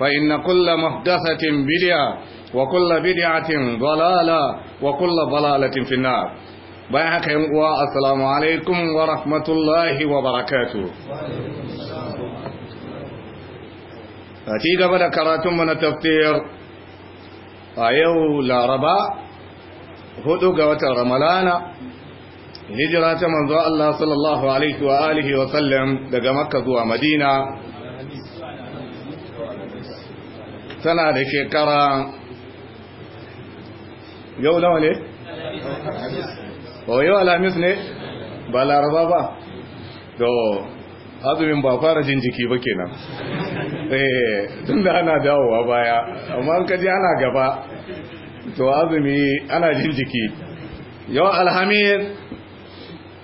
فإن كل محدثة بدعة وكل بدعة ضلالة وكل ضلالة في النار بيحك يمقوا السلام عليكم ورحمة الله وبركاته أتي قبل كراتم من التفسير أيو لا ربا هدو قوة رملانا هجرة من الله صلى الله عليه وآله وسلم لقى مكة ومدينة tana da shekara yau nawa ne? Oh, yau alamis ne? ba laraba ba da azumin ba fara jin jiki ba kenan eh, tun da ana dawowa baya amma an kaji ana gaba to azumi ana jin jiki yau alhamis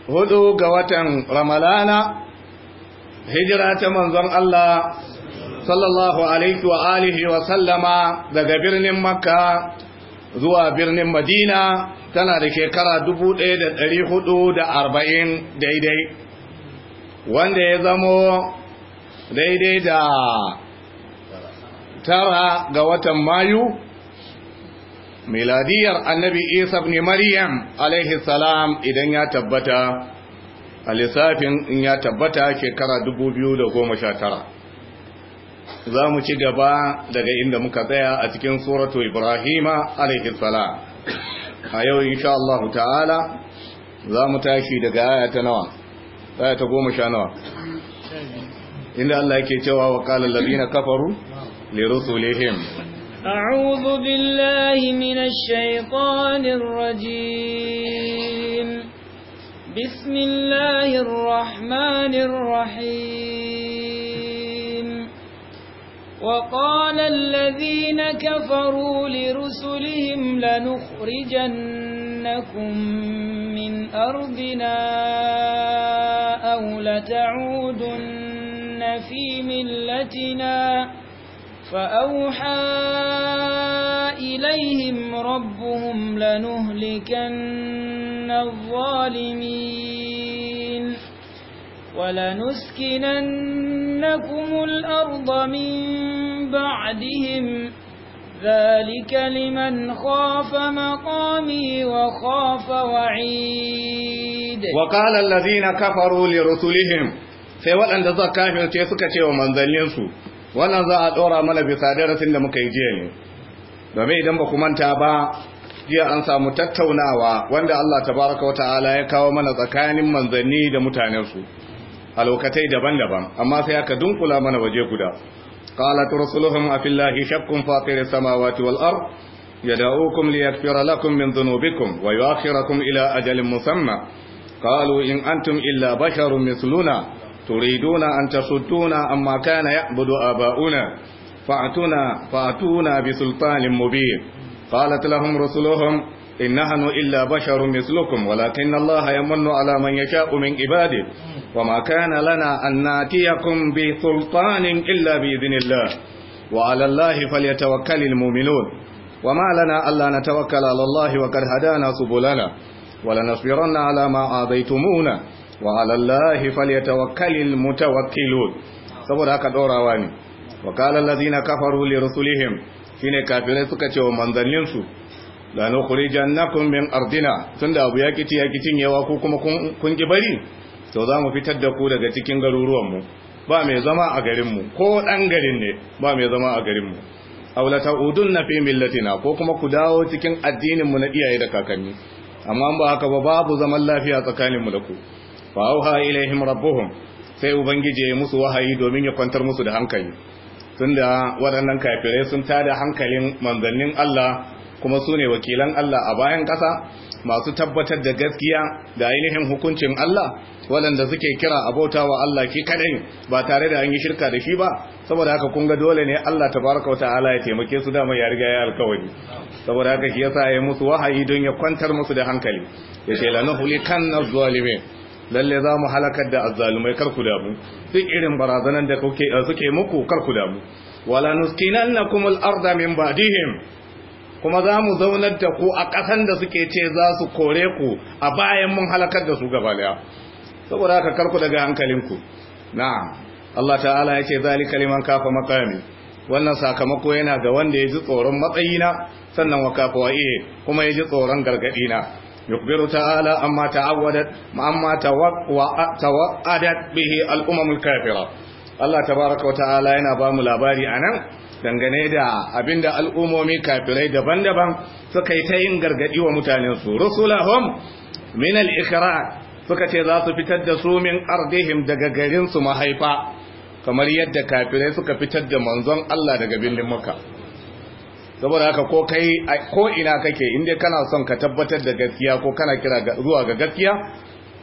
hudu ga watan ramalana hijira ta manzon Allah sallallahu alaihi wa alihi wa sallama daga birnin makka zuwa birnin madina tana da shekara 1440 daidai wanda ya zamo daidai da tara ga watan mayu miladiyar annabi isa ne maryam alaihi salam idan ya tabbata a lissafin in ya tabbata shekara 2019 za mu ci gaba daga inda muka tsaya a cikin suratu ibrahima alaihi salam a yau insha Allah ta'ala za mu tashi daga aya ta nawa aya ta goma sha nawa inda Allah yake cewa wa qala allazina kafaru li rusulihim a'udhu billahi minash shaitanir rajim bismillahir rahmanir rahim وقال الذين كفروا لرسلهم لنخرجنكم من أرضنا أو لتعودن في ملتنا فأوحى إليهم ربهم لنهلكن الظالمين ولنسكننكم الأرض من بعدهم ذلك لمن خاف مقامي وخاف وعيد وقال الذين كفروا لرسلهم sai waɗanda za kafirce suka ce wa manzanninsu wannan za a ɗora mana bisa darasin da muka yi jiya ne domin idan ba ku manta ba jiya an samu tattaunawa wanda Allah tabaraka wa ta'ala ya kawo mana tsakanin manzanni da mutanensu a lokatai daban-daban amma sai aka dunkula mana waje guda qalat a fillahi shakkun fatir samawati wal ard yad'ukum liyaghfira lakum min dhunubikum wa kum ila ajalin musamma qalu in antum illa basharun misluna turiduna an tasudduna amma kana ya'budu aba'una fa'tuna fa'tuna bi sultanin mubin qalat lahum rusuluhum Inna hannu illa basharun mislukum walakin Allah yamannu ala man yasha'u min ibadi wa ma kana lana an natiyakum bi sultanin illa bi idhnillah wa ala Allah falyatawakkalul mu'minun wa ma lana alla natawakkala ala Allah wa qad hadana subulana wa lanasbiranna ala ma adaytumuna wa ala Allah falyatawakkalul mutawakkilun saboda haka dorawa ne wa qala allazina kafaru li rusulihim shine kafirai suka ce wa manzanninsu la nukhrijannakum min ardina tunda abu ya kici ya kicin yawa ko kuma kun ki bari to za mu fitar da ku daga cikin garuruwan mu ba mai zama a garin mu ko dan garin ne ba mai zama a garin mu aw la ta'udunna fi millatina ko kuma ku dawo cikin addinin mu na iyaye da kakanni amma ba haka ba babu zaman lafiya tsakanin mu da ku fa auha ilaihim rabbuhum sai ubangije ya musu wahayi domin ya kwantar musu da hankali tunda waɗannan kafirai sun tada hankalin manzannin Allah kuma su ne wakilan Allah a bayan ƙasa masu tabbatar da gaskiya da ainihin hukuncin Allah waɗanda suke kira abota wa Allah ki kaɗai ba tare da an yi shirka da shi ba saboda haka kun ga dole ne Allah baraka wa ta'ala ya taimake su dama ya riga ya alkawari saboda haka shi yasa ya musu wahayi don ya kwantar musu da hankali ya ce na zalimin lalle za mu halakar da azzalumai kar ku damu duk irin barazanan da kuke suke muku kar ku damu wala nuskinannakum al-ardha min ba'dihim kuma za mu zaunar da ku a ƙasan da suke ce za su kore ku a bayan mun halakar da su gaba saboda haka karku daga hankalinku na'am Allah ta'ala ya ce zali kaliman kafa makami wannan sakamako yana ga wanda ya ji tsoron matsayina sannan wa kafa wa wa'iye kuma ya ji tsoron gargaɗina yukbiru ta'ala amma ta'awadat amma tawa'adat bihi kafira Allah tabaraka wa ta'ala yana ba mu labari nan. dangane da abinda al'ummomi kafirai daban-daban suka yi ta yin gargaɗi wa mutanensu rusulahum min al’ikira suka ce za su fitar da su min ardihim daga garinsu mahaifa kamar yadda kafirai suka fitar da manzon Allah daga birnin maka saboda haka ko kai ko ina kake inda kana son ka tabbatar da gaskiya ko kana kira zuwa ga gaskiya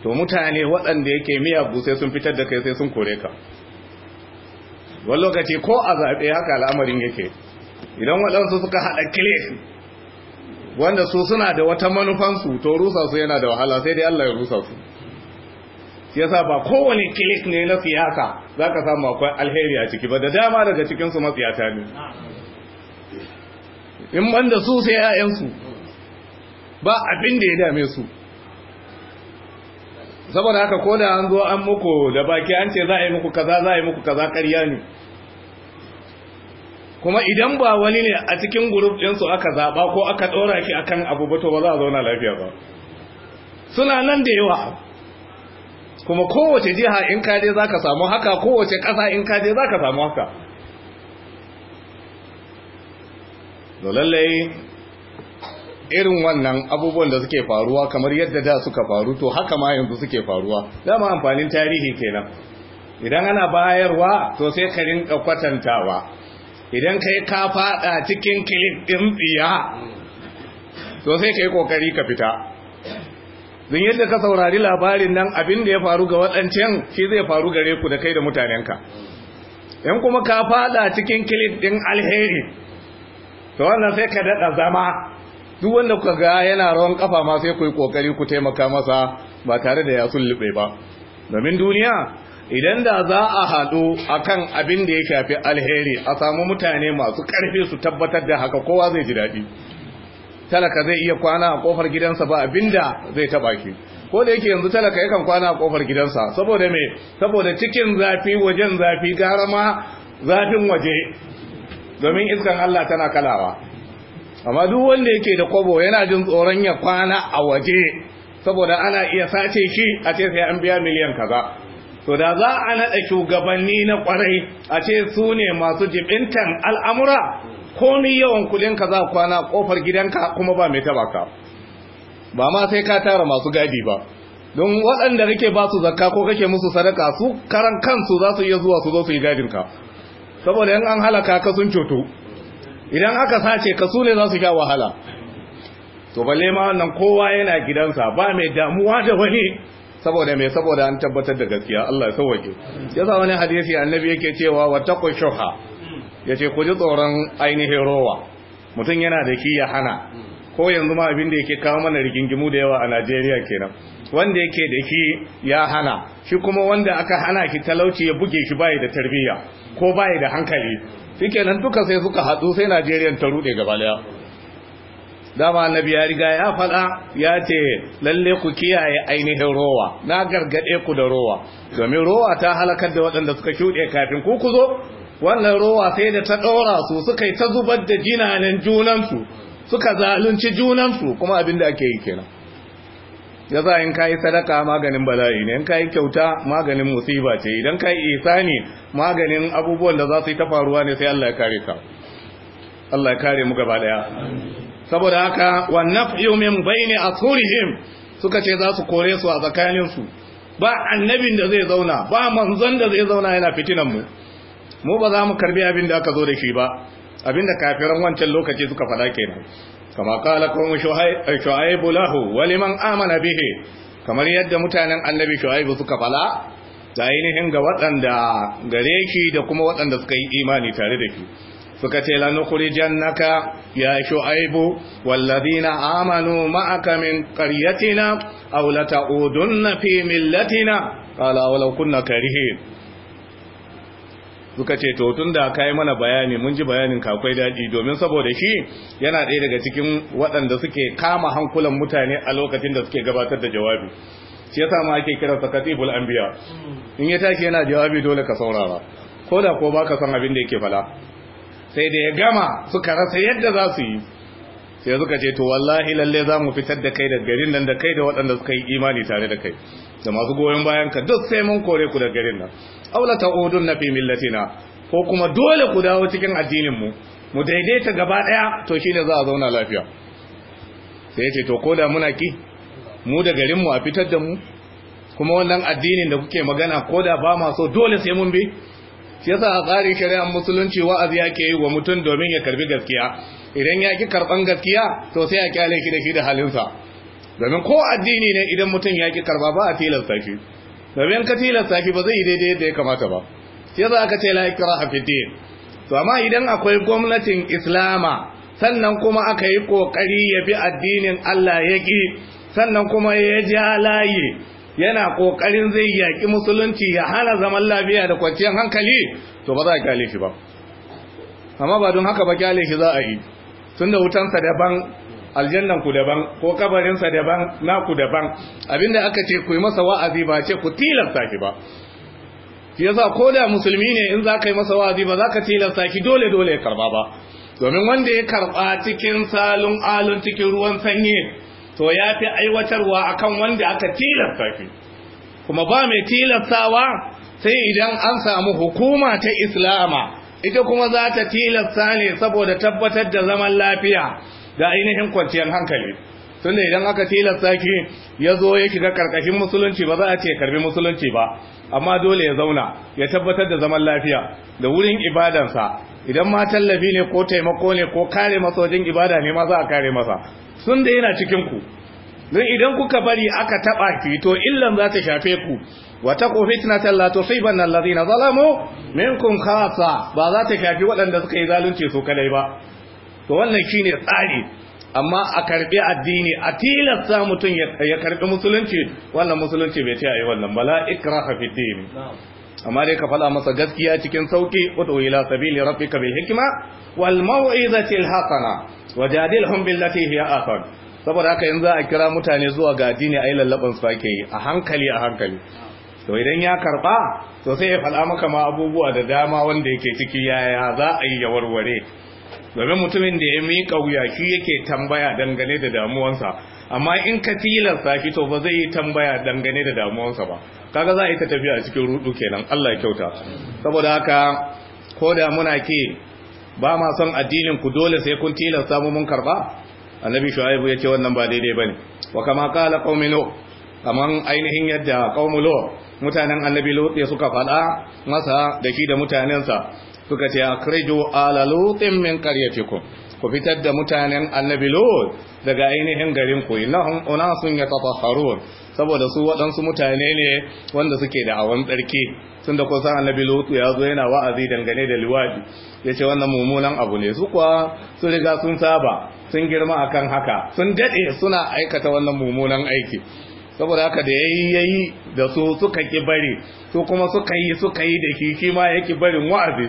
to mutane waɗanda yake miyagu sai sun fitar da kai sai sun kore ka wani lokaci ko a zaɓe haka al'amarin yake idan waɗansu suka haɗa kile wanda su suna da wata manufansu to rusa su yana da wahala sai dai Allah ya rusa su shi yasa ba kowane kilik ne na siyasa za ka samu akwai alheri a ciki ba da dama daga cikinsu matsiyata ne in banda su sai 'ya'yansu ba abin da ya dame su saboda haka ko da an zo an muku da baki an ce za a yi muku kaza za a yi muku kaza ƙarya ne kuma idan ba wani ne a cikin gurup ɗinsu aka zaba ko aka ɗora ki akan abu ba to ba za a zauna lafiya ba suna nan da yawa kuma kowace jiha in ka je za samu haka kowace ƙasa in ka je za samu haka lallai irin wannan abubuwan da suke faruwa kamar yadda da suka faru to haka ma yanzu suke faruwa dama amfanin tarihi kenan idan ana bayarwa to sai ka rinka kwatantawa idan kai ka fada cikin kilin din tsiya to sai ka yi kokari ka fita don yadda ka saurari labarin nan abin da ya faru ga waɗancan shi zai faru gare ku da kai da mutanenka in kuma ka faɗa cikin kilik ɗin alheri to wannan sai ka daɗa zama duk wanda kuka ga yana rawan kafa ma sai ku yi kokari ku taimaka masa ba tare da ya sullube ba domin duniya idan da za a haɗu akan abin da ya shafi alheri a samu mutane masu ƙarfi su tabbatar da haka kowa zai ji daɗi talaka zai iya kwana a kofar gidansa ba abinda zai taba ki ko da yake yanzu talaka yakan kwana a kofar gidansa saboda me saboda cikin zafi wajen zafi gara ma zafin waje domin iskan Allah tana kalawa amma duk wanda yake da kwabo yana jin tsoron ya kwana a waje saboda ana iya sace shi a ce sai an biya miliyan kaza to da za a naɗa shugabanni na kwarai a ce su ne masu jibintan al'amura Ko ni yawan kudin ka za kwana kofar gidanka kuma ba mai taba ka ba ma sai ka tara masu gadi ba don waɗanda kake ba su zakka ko kake musu sadaka su karan kansu za su iya zuwa su zo su yi gadin ka. saboda yan an halaka ka sun cutu idan aka sace kasu ne za su sha wahala to balle ma wannan kowa yana gidansa ba mai damuwa da wani saboda mai saboda an tabbatar da gaskiya Allah ya ya sa wani hadisi annabi yake cewa wa taqu shuha yace ku ji tsoron ainihin rowa mutum yana da shi ya hana ko yanzu ma abin da yake kawo mana rigingimu da yawa a Najeriya kenan wanda yake da shi ya hana shi kuma wanda aka hana ki talauci ya buge shi bai da tarbiyya ko bai da hankali nan duka sai suka hadu sai Najeriya ta rude gaba daya dama annabi ya riga ya faɗa ya ce lalle ku kiyaye ainihin rowa na gargade ku da rowa domin rowa ta halakar da waɗanda suka shuɗe kafin ku ku zo wannan rowa sai da ta ɗora su suka ta zubar da jinanen junansu suka zalunci junansu kuma abin da ake yi kenan ya za in kayi sadaka maganin bala'i ne in kayi kyauta maganin musiba ce idan kayi isani maganin abubuwan da za su yi ta faruwa ne sai Allah ya kare ka Allah ya kare mu gaba daya saboda haka wa naf'u min baini asurihim suka ce za su kore su a tsakanin su ba annabin da zai zauna ba manzon da zai zauna yana fitinan mu mu ba za mu karbi abin da aka zo da shi ba abin da kafiran wancan lokaci suka faɗa kenan kama kala qawmu Shu'aibu lahu wa liman amana bihi kamar yadda mutanen annabi Shu'aibu suka fala da ainihin ga waɗanda gare shi da kuma waɗanda suka yi imani tare da shi suka ce lanukhrijannaka ya shu'aibu walladhina amanu ma'aka min qaryatina aw lata'udunna fi millatina qala walau kunna karihin suka ce to tun da ka mana bayani mun ji bayanin kakwai daɗi domin saboda shi yana ɗaya daga cikin waɗanda suke kama hankulan mutane a lokacin da suke gabatar da jawabi shi yasa ma ake kiransa katibul anbiya in ya tashi yana jawabi dole ka saurara ko da ko baka san abin da yake fala sai da ya gama suka rasa yadda za su yi sai suka ce to wallahi lalle za mu fitar da kai da garin nan da kai da waɗanda suka yi imani tare da kai da masu goyon bayan ka duk sai mun kore ku da garin nan aula ta'udun na fi millatina ko kuma dole ku dawo cikin addinin mu mu daidaita gaba daya to shine za a zauna lafiya sai yace to koda muna ki mu da garin mu a fitar da mu kuma wannan addinin da kuke magana koda ba ma so dole sai mun bi shi yasa a tsarin shari'ar musulunci wa'azi yake yi wa mutum domin ya karbi gaskiya idan ya ki karban gaskiya to sai a kyale shi da shi da halinsa domin ko addini ne idan mutum ya ki karba ba a tilasta shi domin ka tilar safi ba zai yi daidai da ya kamata ba shi za ka ce la ikraha fi to amma idan akwai gwamnatin islama sannan kuma aka yi kokari ya bi addinin Allah ya ki sannan kuma ya ja layi yana kokarin zai yaki musulunci ya hana zaman lafiya da kwanciyar hankali to ba za a kyale shi ba amma ba don haka ba kyale shi za a yi tunda wutansa daban aljannan ku daban ko kabarinsa daban na ku daban abinda aka ce ku yi masa wa'azi ba ce ku tilasta shi ba yasa ko da musulmi ne in za ka yi masa wa'azi ba za ka tilasta shi dole dole ya karba ba domin wanda ya karba cikin salon alun cikin ruwan sanyi to ya fi aiwatarwa akan wanda aka tilasta shi kuma ba mai tilastawa sai idan an samu hukuma ta islama ita kuma za ta tilasta ne saboda tabbatar da zaman lafiya da ainihin kwanciyar hankali tunda idan aka tilasta ki ya zo ya shiga karkashin musulunci ba za a ce karbi musulunci ba amma dole ya zauna ya tabbatar da zaman lafiya da wurin ibadansa idan ma tallafi ne ko taimako ne ko kare masa wajen ibada ne ma za a kare masa sun da yana cikin ku don idan kuka bari aka taba fito illan za ta shafe ku wa ban sai la na alladhina zalamu minkum kasa ba za ta shafi waɗanda suka yi zalunci su kadai ba to wannan shine tsari amma a karbi addini a tilasta mutum ya karbi musulunci wannan musulunci bai ce ayi wannan bala ikraha fi din amma dai ka faɗa masa gaskiya cikin sauki wato ila sabili rabbika bil hikma wal mau'izati al hasana wajadilhum billati hiya Afan. saboda haka yanzu a kira mutane zuwa ga addini ayi lallaban su ake yi a hankali a hankali to idan ya karba to sai ya faɗa maka ma abubuwa da dama wanda yake ciki yaya za a yi ya warware domin mutumin da ya miƙa wuya shi yake tambaya dangane da damuwansa amma in ka tilasta shi to ba zai yi tambaya dangane da damuwansa ba kaga za a yi ta tafiya cikin rudu kenan Allah ya kyauta saboda haka ko da muna ke ba ma son addinin ku dole sai kun tilasta mu mun karba annabi shu'aibu yace wannan ba daidai bane wa kama qala qauminu kaman ainihin yadda qaumulo mutanen annabi lut suka faɗa masa da shi da mutanensa suka ce akhrijo ala lutin min teku. ku fitar da mutanen annabi daga ainihin garin ku innahum unasun yatatahharun saboda su waɗansu mutane ne wanda suke da awan tsarki tun da kusan annabi ya zo yana wa'azi dangane da luwaɗi. ya ce wannan mummunan abu ne su kuwa su riga sun saba sun girma akan haka sun daɗe suna aikata wannan mummunan aiki saboda haka da yayi yayi da su suka ki bari su kuma suka yi suka yi da kiki ma ma yake barin wa'azi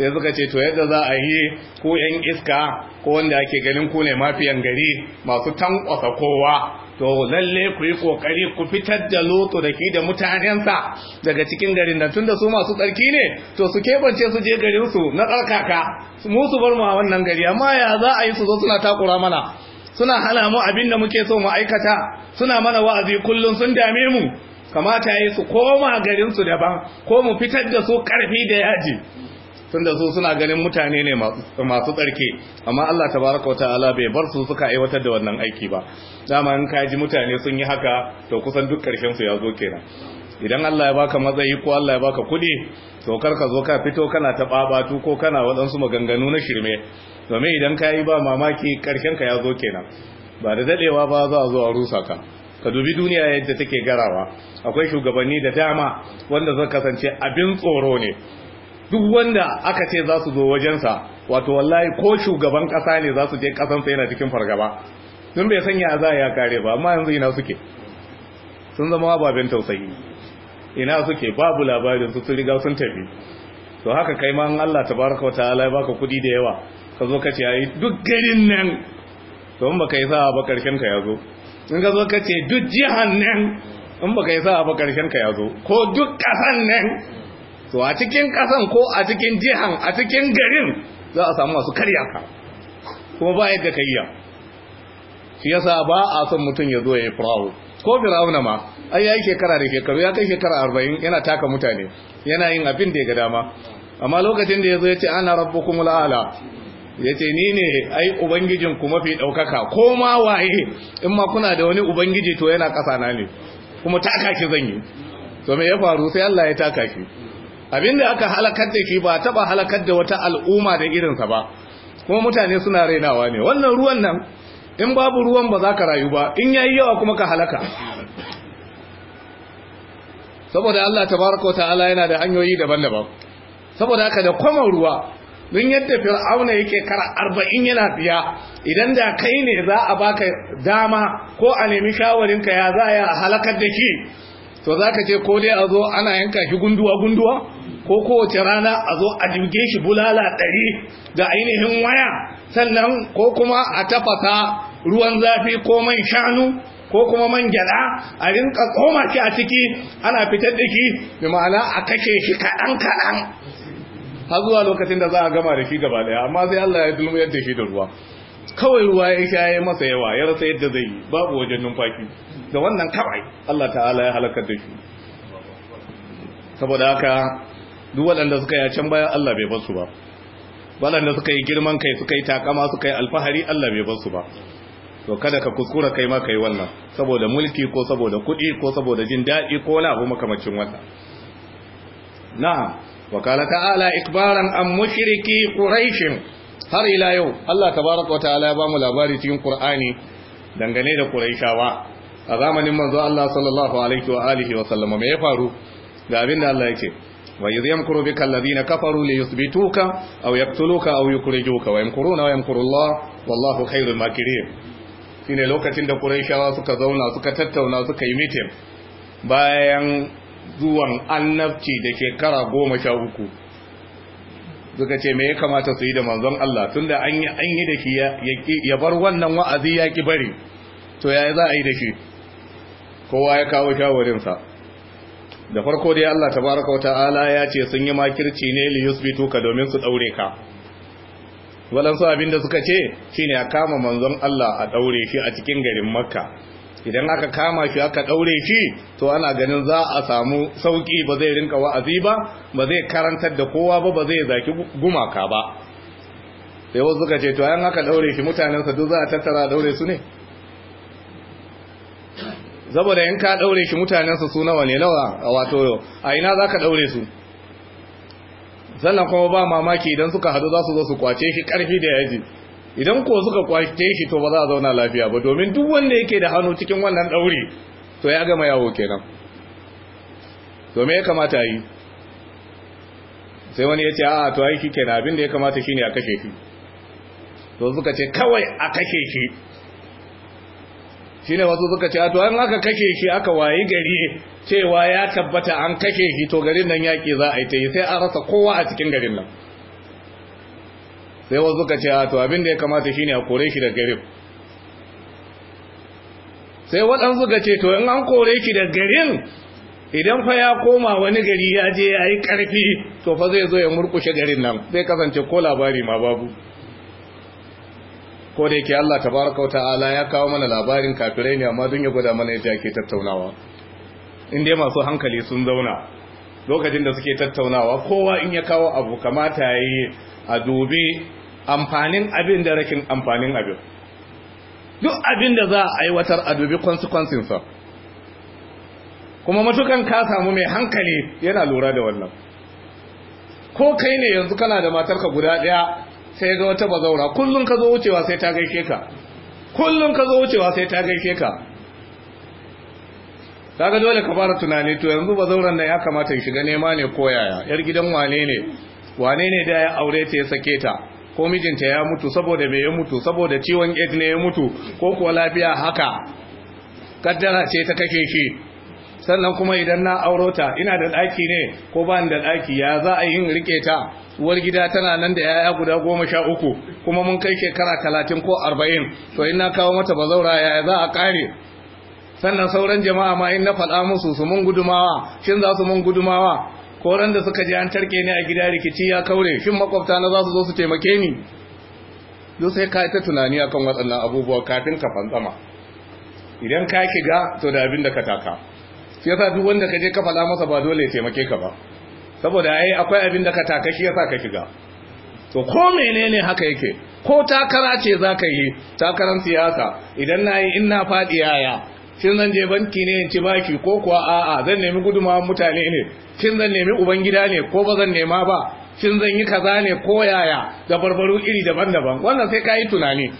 sai suka ce to yadda za a yi ko yan iska ko wanda ake ganin ku ne mafiyan gari masu tankwasa kowa to lalle ku yi kokari ku fitar da loto da ke da mutanensa daga cikin garin tun da su masu tsarki ne to su kebance su je garin su na tsarkaka mu su bar mu a wannan gari amma ya za a yi su zo suna takura mana suna hana mu abin da muke so mu aikata suna mana wa'azi kullum sun dame mu kamata yi su koma garinsu daban ko mu fitar da su karfi da yaji tunda su suna ganin mutane ne masu tsarki amma Allah tabaraka wata ala bai bar su suka aiwatar da wannan aiki ba dama in kaji mutane sun yi haka to kusan duk karshen su ya zo kenan idan Allah ya baka matsayi ko Allah ya baka kudi to kar ka zo ka fito kana ta babatu ko kana wadansu maganganu na shirme domin idan ka ba mamaki karshen ka ya zo kenan ba da dadewa ba za a zo a rusa ka ka dubi duniya yadda take garawa akwai shugabanni da dama wanda zai kasance abin tsoro ne duk wanda aka ce za su zo wajensa wato wallahi ko shugaban kasa ne za su je kasansa yana cikin fargaba sun bai sanya za ya kare ba amma yanzu ina suke sun zama babin tausayi ina suke babu labarin su sun riga sun tafi to haka kai ma Allah tabaraka wa ta'ala ya baka kudi da yawa ka zo ka ce ai duk garin nan to in baka yi ba karshen ka yazo in ka zo ka ce duk jihan nan in baka yi ba karshen ka yazo ko duk kasan nan to a cikin kasan ko a cikin jihan a cikin garin za a samu masu karya ka kuma ba yadda ka iya shi yasa ba a son mutum ya zo ya yi firawo ko firawuna ma ai ya yi shekara da shekaru ya kai shekara arba'in yana taka mutane yana yin abin da ya ga dama amma lokacin da ya zo ya ce ana kuma la'ala ya ce ni ne ai Ubangijin ku mafi ɗaukaka ko ma waye in ma kuna da wani ubangiji to yana ƙasa na ne kuma taka ki zan yi to me ya faru sai Allah ya taka ki Abin da aka halakar da shi ba taba halakar da wata al'umma da irinsa ba kuma mutane suna rainawa ne wannan ruwan nan in babu ruwan ba za ka rayu ba in yayi yawa kuma ka halaka saboda Allah tabaraka wa ta'ala yana da hanyoyi daban-daban saboda haka da kwaman ruwa don yadda fir'auna yake kara arba'in yana biya idan da kai ne za a baka dama ko a nemi shawarinka ya za a halakar da ki to za ka ce ko dai a zo ana yanka shi gunduwa-gunduwa ko kowace rana a zo a jirge shi bulala ɗari da ainihin waya sannan ko kuma a tafasa ruwan zafi ko man shanu ko kuma man gyada a rinka koma shi a ciki ana fitar da shi da ma'ana a kashe shi kaɗan-kaɗan har zuwa lokacin da za a gama da shi gaba daya amma sai Allah ya dulmu da shi da ruwa kawai ruwa ya sha ya masa yawa ya rasa yadda zai yi babu wajen numfashi da wannan kawai Allah ta'ala ya halakar da shi saboda haka duk waɗanda suka yi can baya Allah bai basu ba waɗanda suka yi girman kai suka yi takama suka yi alfahari Allah bai basu ba to kada ka kuskura kai ma kai wannan saboda mulki ko saboda kuɗi ko saboda jin daɗi ko wani abu makamacin wannan na'am wa qala ta'ala ikbaran an mushriki quraish har ila yau Allah tabaraka wataala ya bamu labari cikin Qur'ani dangane da Quraishawa a zamanin manzo Allah sallallahu alaihi wa alihi wa sallama me ya faru ga abin da Allah yake wa yadhkuru bika alladhina kafaru li yuthbituka aw yaqtuluka aw yukhrijuka wa yamkuruna wa yamkuru Allah wallahu khairul makirin shine lokacin da Quraishawa suka zauna suka tattauna suka yi meeting bayan zuwan annabci da shekara goma sha uku suka ce me ya kamata su yi da manzon Allah tunda an an yi da shi ya bar wannan wa'azi ya ki bari to yi za a yi da shi kowa ya kawo shawarinsa. da farko dai Allah tabaraka Ta'ala ya ce sun yi makirci ne li yusbitu ka domin su ɗaure ka walansu abinda suka ce shine ya kama manzon Allah a ɗaure shi a cikin garin Makka idan aka kama shi aka daure shi to ana ganin za a samu sauki ba zai rinka wa'azi ba ba zai karantar da kowa ba ba zai zaki gumaka ba sai wasu suka ce to an aka daure shi mutanen sa duk za a tattara daure su ne saboda in ka daure shi mutanen sa su nawa ne nawa wato a ina zaka daure su sannan kuma ba mamaki idan suka hadu za su zo su kwace shi karfi da yaji idan ko suka kwake shi to ba za a zauna lafiya ba domin duk wanda yake da hannu cikin wannan ɗauri to ya gama yawo kenan to me ya kamata yi sai wani ya ce a to aiki kenan abin da ya kamata shine a kashe shi to suka ce kawai a kashe shi shine wasu suka ce a to an aka kashe shi aka wayi gari cewa ya tabbata an kashe shi to garin nan yaƙi za a yi ta yi sai a rasa kowa a cikin garin nan sai wasu suka ce a to abin da ya kamata shine a kore shi da garin sai waɗansu suka ce to in an kore shi da garin idan fa ya koma wani gari ya je ya yi ƙarfi to fa zai zo ya murkushe garin nan zai kasance ko labari ma babu ko da yake Allah tabaraka ta'ala ya kawo mana labarin kafirai ne amma dun ya gwada mana yadda ake tattaunawa in dai masu hankali sun zauna lokacin da suke tattaunawa kowa in ya kawo abu kamata yi a dubi amfanin abin da rakin amfanin abin duk abin da za a aiwatar a dubi consequences kuma matukan ka samu mai hankali yana lura da wannan ko kai ne yanzu kana da matarka guda daya sai ga wata bazaura kullum ka zo wucewa sai ta gaishe ka kullum ka zo wucewa sai ta gaishe ka kaga dole ka fara tunani to yanzu bazauran nan ya kamata ya shiga nema ne ko yaya yar gidan wane ne wane ne da ya aure ta ya sake ta ko mijinta ya mutu saboda me ya mutu saboda ciwon AIDS ne ya mutu ko kuwa lafiya haka kaddara ce ta kake shi sannan kuma idan na aurota, ina da ɗaki ne ko ba da ɗaki ya za a yin rike ta uwar gida tana nan da yaya guda goma sha uku kuma mun kai shekara talatin ko arba'in to in na kawo mata bazaura yaya za a kare? sannan sauran jama'a ma in na faɗa musu su mun gudumawa shin za su mun gudumawa ko ran da suka je an tarke ni a gida rikici ya kaure shin makwabta na za su zo su taimake ni duk sai ka yi ta tunani akan waɗannan abubuwa kafin ka fantsama idan ka ga to da abin da ka taka shi yasa duk wanda ka je ka fada masa ba dole ya taimake ka ba saboda ai akwai abin da ka taka shi yasa ka ga to ko menene haka yake ko takara ce zaka yi takaran siyasa idan nayi in na faɗi yaya shin zan je banki ne in ci baki ko kuwa a'a zan nemi gudumawan mutane ne shin zan nemi ubangida ne ko ba zan nema ba shin zan yi kaza ne ko yaya da barbaru iri daban-daban wannan sai ka yi tunani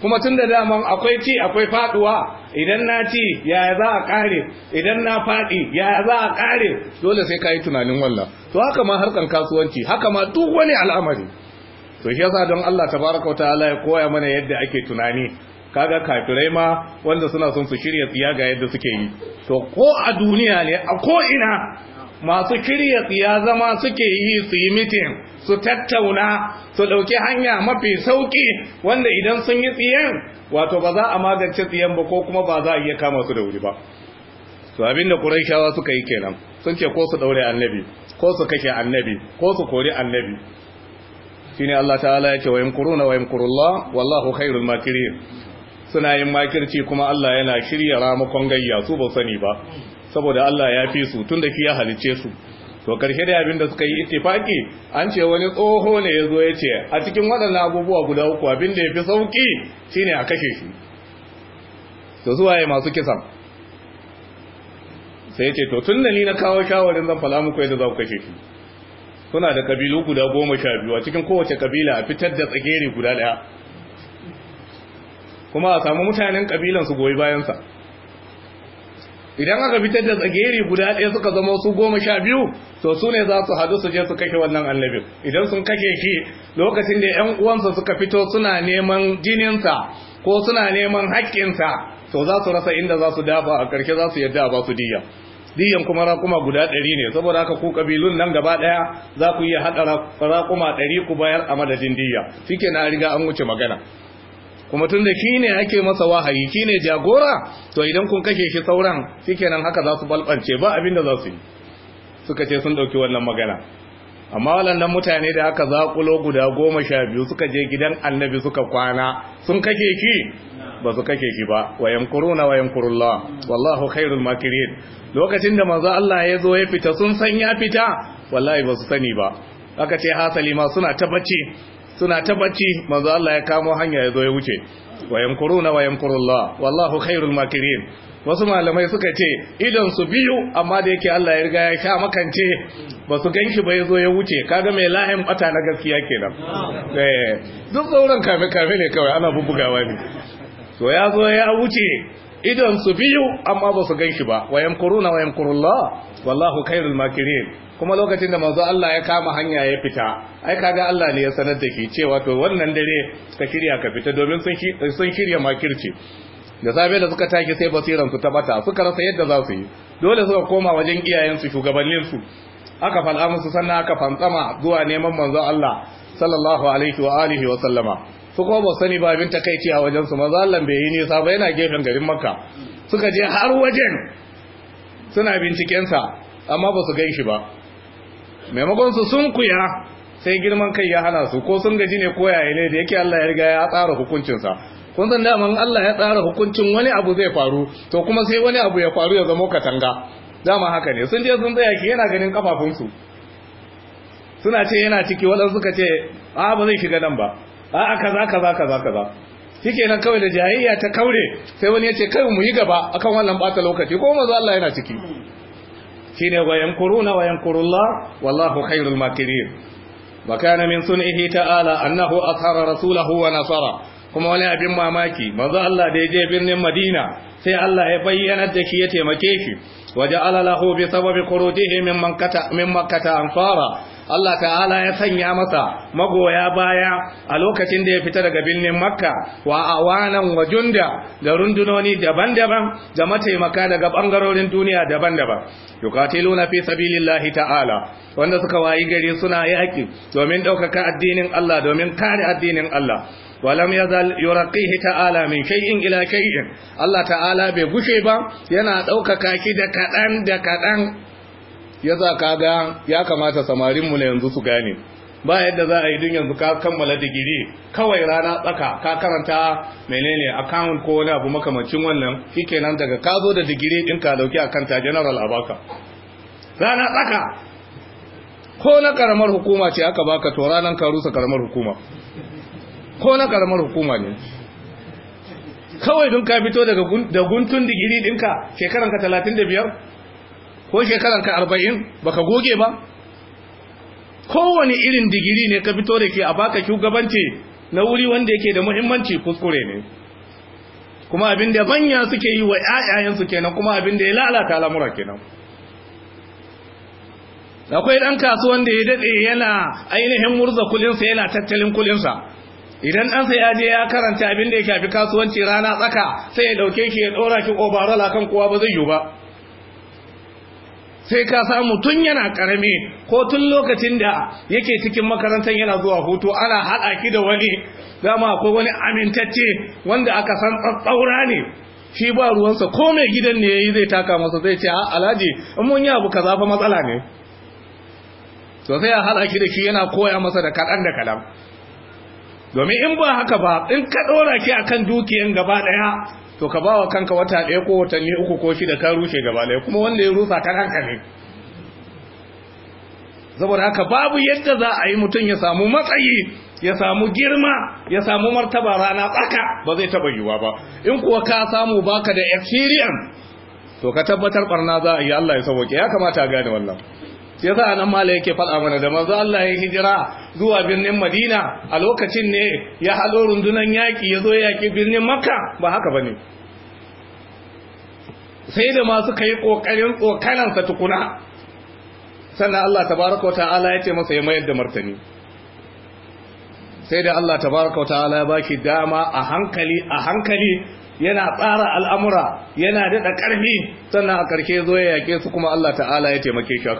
kuma tun da dama akwai ci akwai faduwa idan na ci yaya za a kare idan na fadi yaya za a kare dole sai ka yi tunanin wannan to haka ma harkan kasuwanci haka ma duk wani al'amari to shi yasa don Allah tabaraka wa ta'ala ya koya mana yadda ake tunani kaga kafirai ma wanda suna son su shirya tsiya ga yadda suke yi to ko a duniya ne a ko ina masu shirya tsiya zama suke yi su yi mitin su tattauna su ɗauki hanya mafi sauƙi wanda idan sun yi tsiyan wato ba za a magance tsiyan ba ko kuma ba za a iya kama su da wuri ba to abinda quraishawa suka yi kenan sun ce ko su daure annabi ko su kashe annabi ko su kori annabi shine Allah ta'ala yake wa yamkuruna wa yamkurullah wallahu khairul makirin suna yin makirci kuma Allah yana shirya ramakon gayya su ba sani ba saboda Allah ya fi su tun da shi ya halice su to karshe da abin da suka yi ittifaki an ce wani tsoho ne ya zo ya ce a cikin waɗannan abubuwa guda uku abin da ya fi sauƙi shine a kashe shi to zuwa ya masu kisan sai ya ce to tun da ni na kawo shawarin zan fala muku yadda za ku kashe shi suna da kabilu guda goma sha biyu a cikin kowace kabila a fitar da tsageri guda ɗaya kuma a samu mutanen kabilan su goyi bayansa idan aka fitar da tsageri guda ɗaya suka zama su goma sha biyu to su ne za su hadu su je su kashe wannan annabin idan sun kashe shi lokacin da yan uwansa suka fito suna neman jininsa ko suna neman haƙƙinsa to za su rasa inda za su dafa a ƙarshe za su yadda ba su diya diyan kuma raƙuma guda ɗari ne saboda haka ku kabilun nan gaba ɗaya za ku iya haɗa raƙuma ɗari ku bayar a madadin diya shike na riga an wuce magana kuma tun da shine ne ake masa wahayi shine jagora to idan kun kake shi sauran shikenan haka za su balbance ba abin za su yi suka ce sun dauki wannan magana amma waɗannan mutane da aka zakulo guda goma sha biyu suka je gidan annabi suka kwana sun kake shi? ba su kake shi ba wayan kuruna wayan kurullah wallahu khairul makirin lokacin da manzo Allah ya zo ya fita sun san ya fita wallahi ba su sani ba aka ce hasali ma suna ta suna ta bacci manzo Allah ya kamo hanya ya zo ya wuce wayan kuruna wayan wallahu khairul makirin wasu malamai suka ce idan su biyu amma da yake Allah ya riga ya sha makance ba su ganki ba ya zo ya wuce kaga mai lahin bata na gaskiya kenan eh duk sauran kame kame ne kawai ana bubbugawa ne to ya zo ya wuce idan su biyu amma ba su shi ba wa yamkuruna wa yamkurullah wallahu khairul makirin kuma lokacin da manzo Allah ya kama hanya ya fita ai kaga Allah ne ya sanar da ke cewa to wannan dare ka shirya ka fita domin sun sun shirya makirci da safe da suka take sai basiran su ta bata suka rasa yadda za su yi dole suka koma wajen iyayen iyayensu shugabanninsu aka fal'a musu sannan aka fantsama zuwa neman manzo Allah sallallahu alaihi wa alihi wa sallama su kuma ba sani ba abin takaici a wajen su maza Allah bai yi nisa ba yana gefen garin makka suka je har wajen suna bincikensa amma ba su gan shi ba maimakon su sun kuya sai girman kai ya hana su ko sun gaji ne ko yaya ne da yake Allah ya riga ya tsara hukuncinsa kun san daman Allah ya tsara hukuncin wani abu zai faru to kuma sai wani abu ya faru ya zama katanga dama haka ne sun je sun tsaya ki yana ganin kafafunsu suna ce yana ciki waɗansu suka ce a ba zai shiga nan ba a'a kaza kaza kaza kaza shikenan kawai da jayayya ta kaure sai wani ya ce kai mu yi gaba akan wannan bata lokaci ko manzo Allah yana ciki shine wa yankuruna wa yankurullah wallahu khairul makirin wa kana min sun'ihi ta'ala annahu athara rasulahu wa nasara kuma wani abin mamaki manzo Allah da ya je birnin Madina sai Allah ya bayyana da shi ya taimake shi waje alalahu bi sababi khurutihi min makkata min makkata anfara Allah ta'ala ya sanya masa magoya baya a lokacin da ya fita daga birnin Makka wa awanan wa junda da rundunoni daban-daban da mataimaka daga bangarorin duniya daban-daban yuqatiluna fi sabilillahi ta'ala wanda suka wayi gari suna yaƙi domin ɗaukaka addinin Allah domin kare addinin Allah Walam ولم يزل يرقيه shay'in Allah Ta'ala bai شيء ba yana ɗaukaka ينا دوكا kaɗan da kaɗan. Ya za ka ga ya kamata samarinmu na yanzu su gane ba yadda za a yi din yanzu ka kammala digiri kawai rana tsaka ka karanta menene account ko wani abu makamancin wannan nan daga ka zo da digiri din ka dauki a ta general abaka rana tsaka ko na karamar hukuma ce aka baka to ranan ka rusa karamar hukuma ko na karamar hukuma ne kawai don ka fito daga da guntun digiri dinka shekaranka biyar. ko shekaran ka arba'in baka goge ba kowane irin digiri ne ka fito da ke a baka shugabanci na wuri wanda yake da muhimmanci kuskure ne kuma abin da manya suke yi wa su kenan kuma abin da ya lalata al'amura kenan akwai ɗan kasuwan da ya dade yana ainihin murza kulinsa yana tattalin sa idan ɗansa ya je ya karanta abin da ya shafi kasuwanci rana tsaka sai ya ɗauke shi ya dora ki obarola kan kowa ba zai yiwu ba sai ka samu tun yana karami ko tun lokacin da yake cikin makarantar yana zuwa hutu ana haɗa ki da wani dama akwai wani amintacce wanda aka san tsatsaura ne shi ba ruwansa ko mai gidan ne yayi zai taka masa zai ce a alaji in mun yi abu kaza fa matsala ne to sai a haɗa ki da shi yana koya masa da kaɗan da kaɗan domin in ba haka ba in ka ɗora ki akan dukiyan gaba ɗaya to ka ba wa kanka wata ɗaya ko watanni uku ko shida ka rushe gaba ɗaya kuma wanda ya rusa ka kanka ne saboda haka babu yadda za a yi mutum ya samu matsayi ya samu girma ya samu martaba rana tsaka ba zai taba yiwa ba in kuwa ka samu baka da experience to ka tabbatar ɓarna za a yi Allah ya sauke ya kamata a gane wannan ya nan mala yake faɗa mana da mazu Allah ya hijira zuwa birnin Madina a lokacin ne ya halo rundunan yaƙi ya zo yaƙi birnin Makka ba haka ba ne. sai da masu kai yi ƙoƙarin tsokanansa tukuna sannan Allah tabaraka wa ta'ala ya ce masa ya mayar da martani sai da Allah tabaraka wa ta'ala ya baki dama a hankali a hankali yana tsara al'amura yana daɗa ƙarfi sannan a ƙarshe zo ya yaƙe su kuma Allah ta'ala ya taimake shi a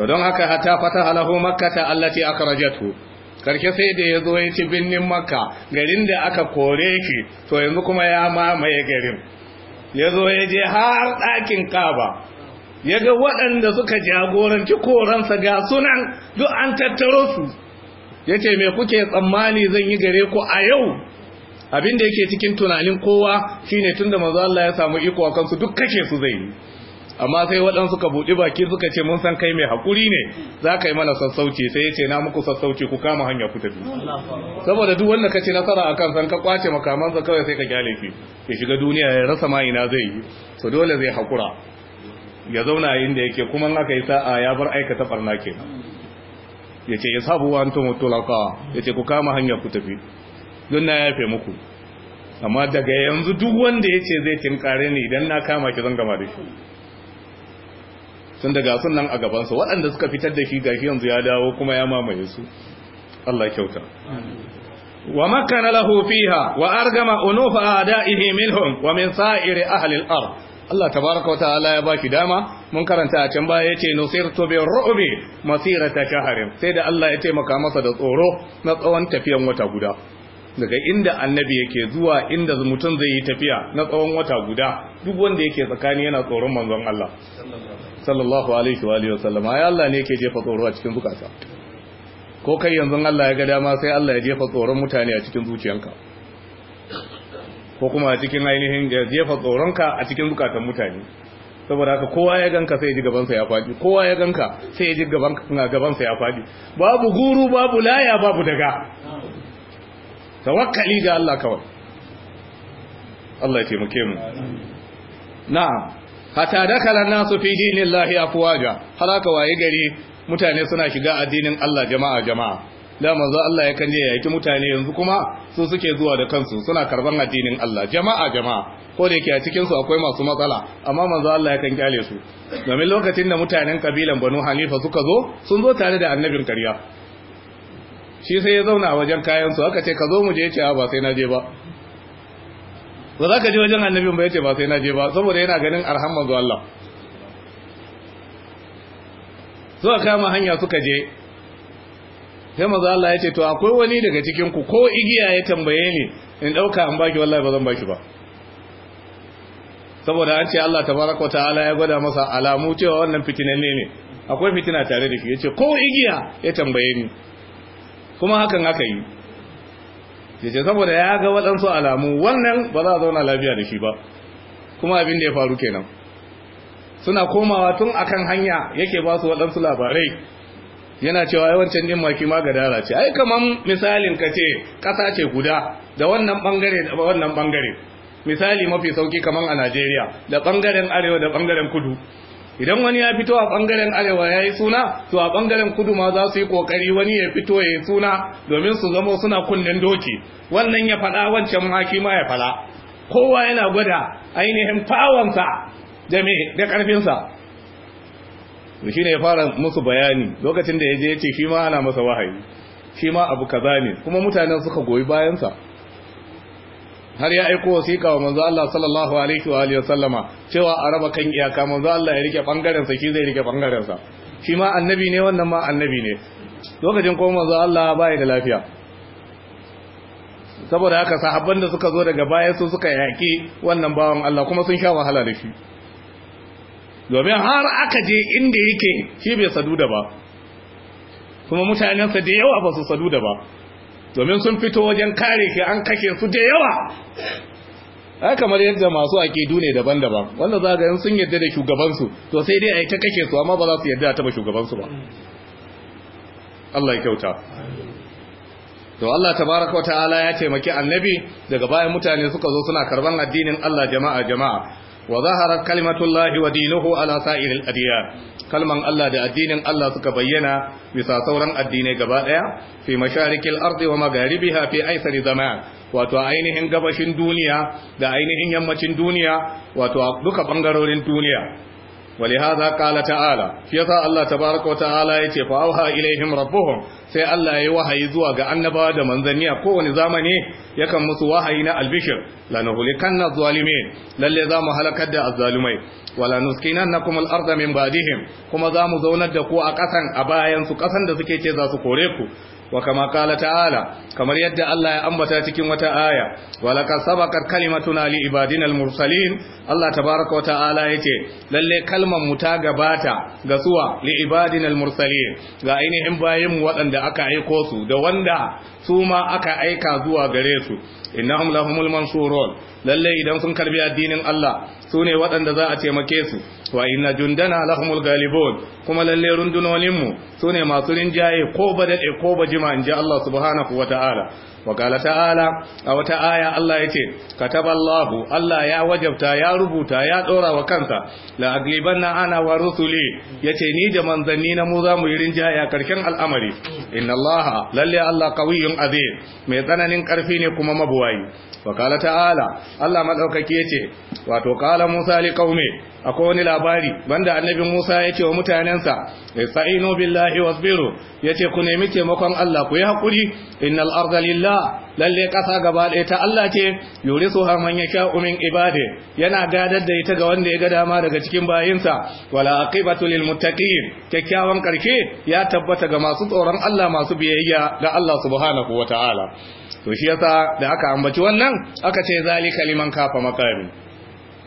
to don haka hatta fataha lahu makkata allati akhrajathu karshe sai da yazo ya ci binnin makka garin da aka kore shi to yanzu kuma ya mamaye garin yazo ya je har ɗakin kaba Yaga ga waɗanda suka jagoranci koransa ga sunan duk an tattaro su ya me kuke tsammani zan yi gare ku a yau Abin abinda yake cikin tunanin kowa shine tunda manzo Allah ya samu iko akan kansu duk kashe su zai yi amma sai waɗansu ka buɗi baki suka ce mun san kai mai haƙuri ne za ka yi mana sassauci sai ya ce na muku sassauci ku kama hanya ku tafi saboda duk wanda ka ce nasara a kan ka kwace makamansa kawai sai ka kyale shi ya shiga duniya ya rasa ma ina zai yi to dole zai haƙura ya zauna a inda yake kuma in aka yi sa'a ya bar aikata barna ke ya ce ya sabu wa antum tulaka ya ce ku kama hanya ku tafi don na yafe muku amma daga yanzu duk wanda ya ce zai tinkare ni idan na kama ki zan gama da shi tun daga sun nan a gabansa waɗanda suka fitar da shi gashi yanzu ya dawo kuma ya mamaye su Allah kyauta wa makana lahu fiha wa argama unufa a'da'ihi minhum wa min sa'iri ahli al-ard Allah tabaaraka wa ta'ala ya baki dama mun karanta a can baya yace nusirtu bi ru'bi masirata shahrin sai da Allah ya taimaka masa da tsoro na tsawon tafiyan wata guda daga inda annabi yake zuwa inda mutum zai yi tafiya na tsawon wata guda duk wanda yake tsakani yana tsoron manzon Allah sallallahu alaihi wa alihi wasallam Allah ne yake jefa tsoro a cikin zukata ko kai yanzu Allah ya ga dama sai Allah ya jefa tsoron mutane a cikin zuciyanka ko kuma a cikin ainihin ya jefa tsoronka a cikin zukatan mutane saboda haka kowa ya ganka sai ya ji gabansa ya faɗi kowa ya ganka sai ya ji gabansa ya faɗi babu guru babu laya babu daga tawakkali ga Allah kawai Allah ya taimake mu na'am hatta dakala nasu fi dinillahi afwaja har aka waye gari mutane suna shiga addinin Allah jama'a jama'a da manzo Allah ya kanje yaki mutane yanzu kuma su suke zuwa da kansu suna karban addinin Allah jama'a jama'a ko da yake a cikin su akwai masu matsala amma manzo Allah ya kan kyale su domin lokacin da mutanen kabilan Banu Hanifa suka zo sun zo tare da annabin karya. shi sai ya zauna a wajen kayan su aka ce ka zo mu je ce ba sai na je ba ba za ka je wajen annabin ba ya ce ba sai na je ba saboda yana ganin arhamman zuwa Allah ka kama hanya suka je sai maza Allah ya ce to akwai wani daga cikinku ko igiya ya tambaye ni in dauka an baki wallahi ba zan baki ba saboda an ce Allah tabaraka ta'ala ya gwada masa alamu cewa wannan fitinan ne akwai fitina tare da shi ce ko igiya ya tambaye ni kuma hakan aka yi yace saboda ya ga waɗansu alamu wannan ba za a zauna lafiya da shi ba kuma abin da ya faru kenan suna komawa tun akan hanya yake ba su waɗansu labarai yana cewa yawancin din maki ma dara ce ai kaman misalin ka ce ƙasa ce guda da wannan bangare da wannan bangare misali mafi sauki kaman a Najeriya da ɓangaren arewa da bangaren kudu idan wani ya fito a bangaren arewa ya yi suna to a bangaren kudu ma za su yi kokari wani ya fito ya yi suna domin su zama suna kunnen doki wannan ya faɗa wancan haki ma ya faɗa kowa yana gwada ainihin fawonsa da me da ƙarfinsa shi ne ya fara musu bayani lokacin da ya je ya ce shi ma ana masa wahayi shi ma abu kaza ne kuma mutanen suka goyi bayansa har ya aiko wasiƙa wa manzo Allah sallallahu alaihi wa alihi sallama cewa a raba kan iyaka manzo Allah ya rike bangaren sa shi zai rike bangaren sa shi ma annabi ne wannan ma annabi ne lokacin ko manzo Allah bai da lafiya saboda haka sahabban da suka zo daga baya su suka yaki wannan bawan Allah kuma sun sha wahala da shi domin har aka je inda yake shi bai sadu da ba kuma mutanensa da yawa ba su sadu da ba domin sun fito wajen kare ke an kashe su da yawa ai kamar yadda masu aqidu ne daban-daban wanda za ga sun yadda da shugabansu to sai dai a yi ta kashe su amma ba za su yadda a taɓa shugabansu ba Allah ya kyauta to Allah tabaaraka wa ta'ala ya taimaki annabi daga bayan mutane suka zo suna karban addinin Allah jama'a jama'a wa zaharar kalimatullahi wa dinuhu irin sa'iril kalman Allah da addinin Allah suka bayyana bisa sauran addinai gaba ɗaya fi masharikil ardi wa magharibiha fi aisari zaman wato ainihin gabashin duniya da ainihin yammacin duniya wato duka bangarorin duniya ta'ala? ولهذا قال تعالى في الله تبارك وتعالى يتفاوها إليهم ربهم sai Allah ya yi wahayi zuwa ga annabawa da manzanni kowane zamani yakan musu wahayi na albishir la nuhlikanna zalimin lalle za mu halakar da azzalumai wala na kuma ardha min ba'dihim kuma za mu zaunar da ku a ƙasan a bayan su ƙasan da suke ce za su kore ku wa kama ta'ala kamar yadda Allah ya ambata cikin wata aya wa sabakar sabaqat kalimatuna li ibadina al-mursalin Allah tabaaraka wa ta'ala yace lalle kalman mu ta gabata ga suwa li al-mursalin ga ainihin bayin mu waɗanda aka aiko su da wanda su ma aka aika zuwa gare su innahum lahumul mansurun lalle idan sun karbi addinin Allah su ne waɗanda za a taimake su wa inna jundana lahumul galibun kuma lalle rundunoninmu su ne masu rinjaye ko ba daɗe ko ba jima in ji Allah subhanahu wa ta'ala ta'ala a wata aya Allah ya ce kataballahu Allah ya wajabta ya rubuta ya ɗora wa kansa la aglibanna ana wa rusuli yace ni da manzanni na mu za mu yi rinjaye a al'amari inna Allah lalle Allah qawiyyun azim mai tsananin karfi ne kuma mabuwayi wa ta'ala Allah madaukaki yace wato qala Musa li qaumi akwai wani labari banda annabi Musa ce wa mutanen bayansa ista'inu billahi wasbiru yace ku nemi taimakon Allah ku yi hakuri innal arda lillah lalle kasa gaba ɗaya ta Allah ce yurisu har man yasha umin ibade yana gadar da ita ga wanda ya ga dama daga cikin bayinsa wala aqibatu lil muttaqin kyakkyawan karshe ya tabbata ga masu tsoron Allah masu biyayya ga Allah subhanahu wataala to shi yasa da aka ambaci wannan aka ce zalika liman kafa makami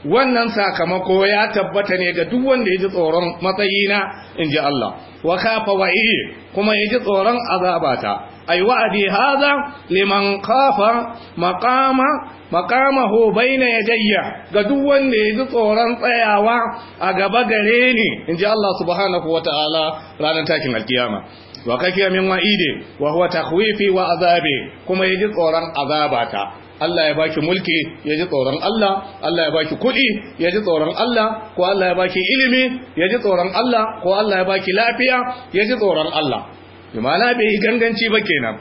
wannan sakamako ya tabbata ne ga duk wanda ya ji tsoron matsayina in ji Allah wa kafa wa'i kuma ya ji tsoron azabata ai wa'adi haza liman kafa maqama hu baina yadayya ga duk wanda ya ji tsoron tsayawa a gaba gare ni in ji Allah subhanahu ta'ala ranar takin alkiyama wa kake min wa'idi wa huwa takhwifi wa azabi kuma ya ji tsoron azabata Allah ya baki mulki ya ji tsoron Allah Allah ya baki kuɗi ya ji tsoron Allah ko Allah ya baki ilimi ya ji tsoron Allah ko Allah ya baki lafiya ya ji tsoron Allah imana bai yi ganganci ba kenan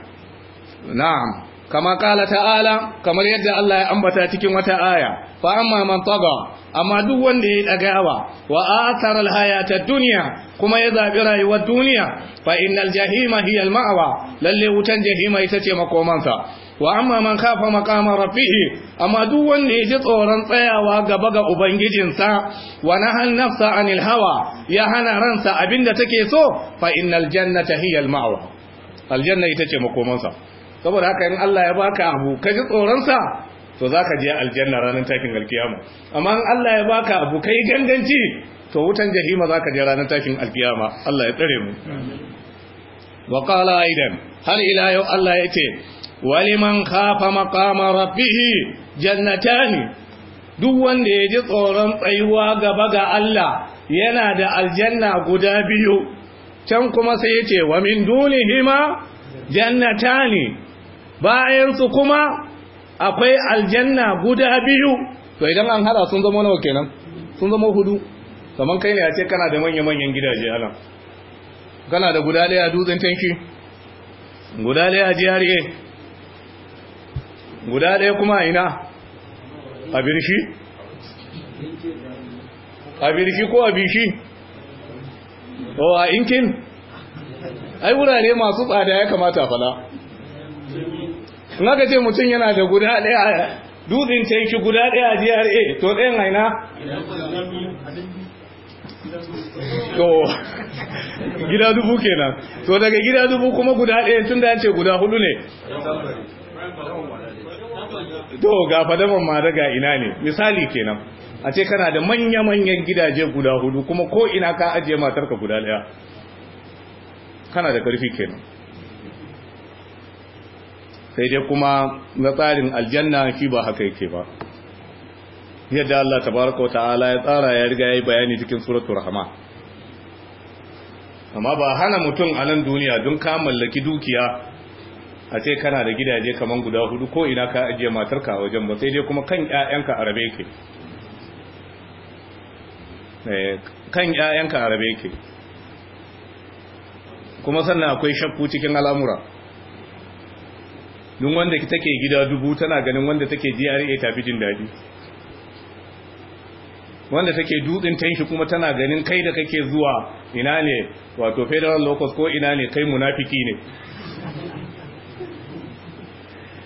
na'am kama kala ta'ala kamar yadda Allah ya ambata cikin wata aya fa amma man taga amma duk wanda ya dagawa wa athara ta duniya kuma ya zaɓi rayuwar duniya fa innal jahima hiya ma'awa. lalle wutan jahima ita ce makomansa wa amma man kafa maqama rafihi, amma duk wanda ya ji tsoron tsayawa gaba ga ubangijinsa wa nahan nafsa anil hawa ya hana ransa abinda take so fa innal jannata hiya al ma'wa aljanna ita ce makomansa saboda haka in Allah ya baka abu ka ji tsoron sa to zaka je aljanna ranar takin alkiyama amma in Allah ya baka abu kai ganganci to wutan jahima zaka je ranar takin alkiyama Allah ya tsare mu wa qala aidan har ila yau Allah ya ce. waliman khafa maqama rabbih jannatani duk wanda ya ji tsoron tsayuwa gaba ga Allah yana da aljanna guda biyu can kuma sai yace wa min dunihima jannatani bayan su kuma akwai aljanna guda biyu to idan an hada sun zama nawa kenan sun zama hudu kamar kai ne a ce kana da manya-manyan gidaje ala kana da guda daya dutsen tanki guda daya a GRA guda ɗaya kuma a ina a birki? a birki ko a bishi o a inkin ai wurare masu tsada ya kamata fada in aka ce mutum yana da guda ɗaya dutsen tanki guda ɗaya a DRA, to ɗayan aina to gida dubu kenan to daga gida dubu kuma guda ɗaya tun da ce guda hudu ne to ga fadaban ma daga ina ne misali kenan a ce kana da manya-manyan gidaje guda hudu kuma ko ina ka ajiye matarka guda daya kana da karfi kenan sai dai kuma na tsarin aljanna shi ba haka yake ba yadda Allah tabaraka ta'ala ya tsara ya riga ya yi bayani cikin suratul rahma amma ba hana mutum a nan duniya don ka mallaki dukiya a ce kana da gidaje kamar guda hudu ko ina ka ajiye matarka a wajen ba sai dai kuma kan ƴaƴanka a rabe ke eh, kan ƴaƴanka a rabe ke kuma sannan akwai shakku cikin al'amura duk wanda take gida dubu tana ganin wanda take GRA tafi jin daɗi wanda take dudin tanshi kuma tana ganin kai da kake zuwa ina ne wato federal locus ko ina ne kai munafiki ne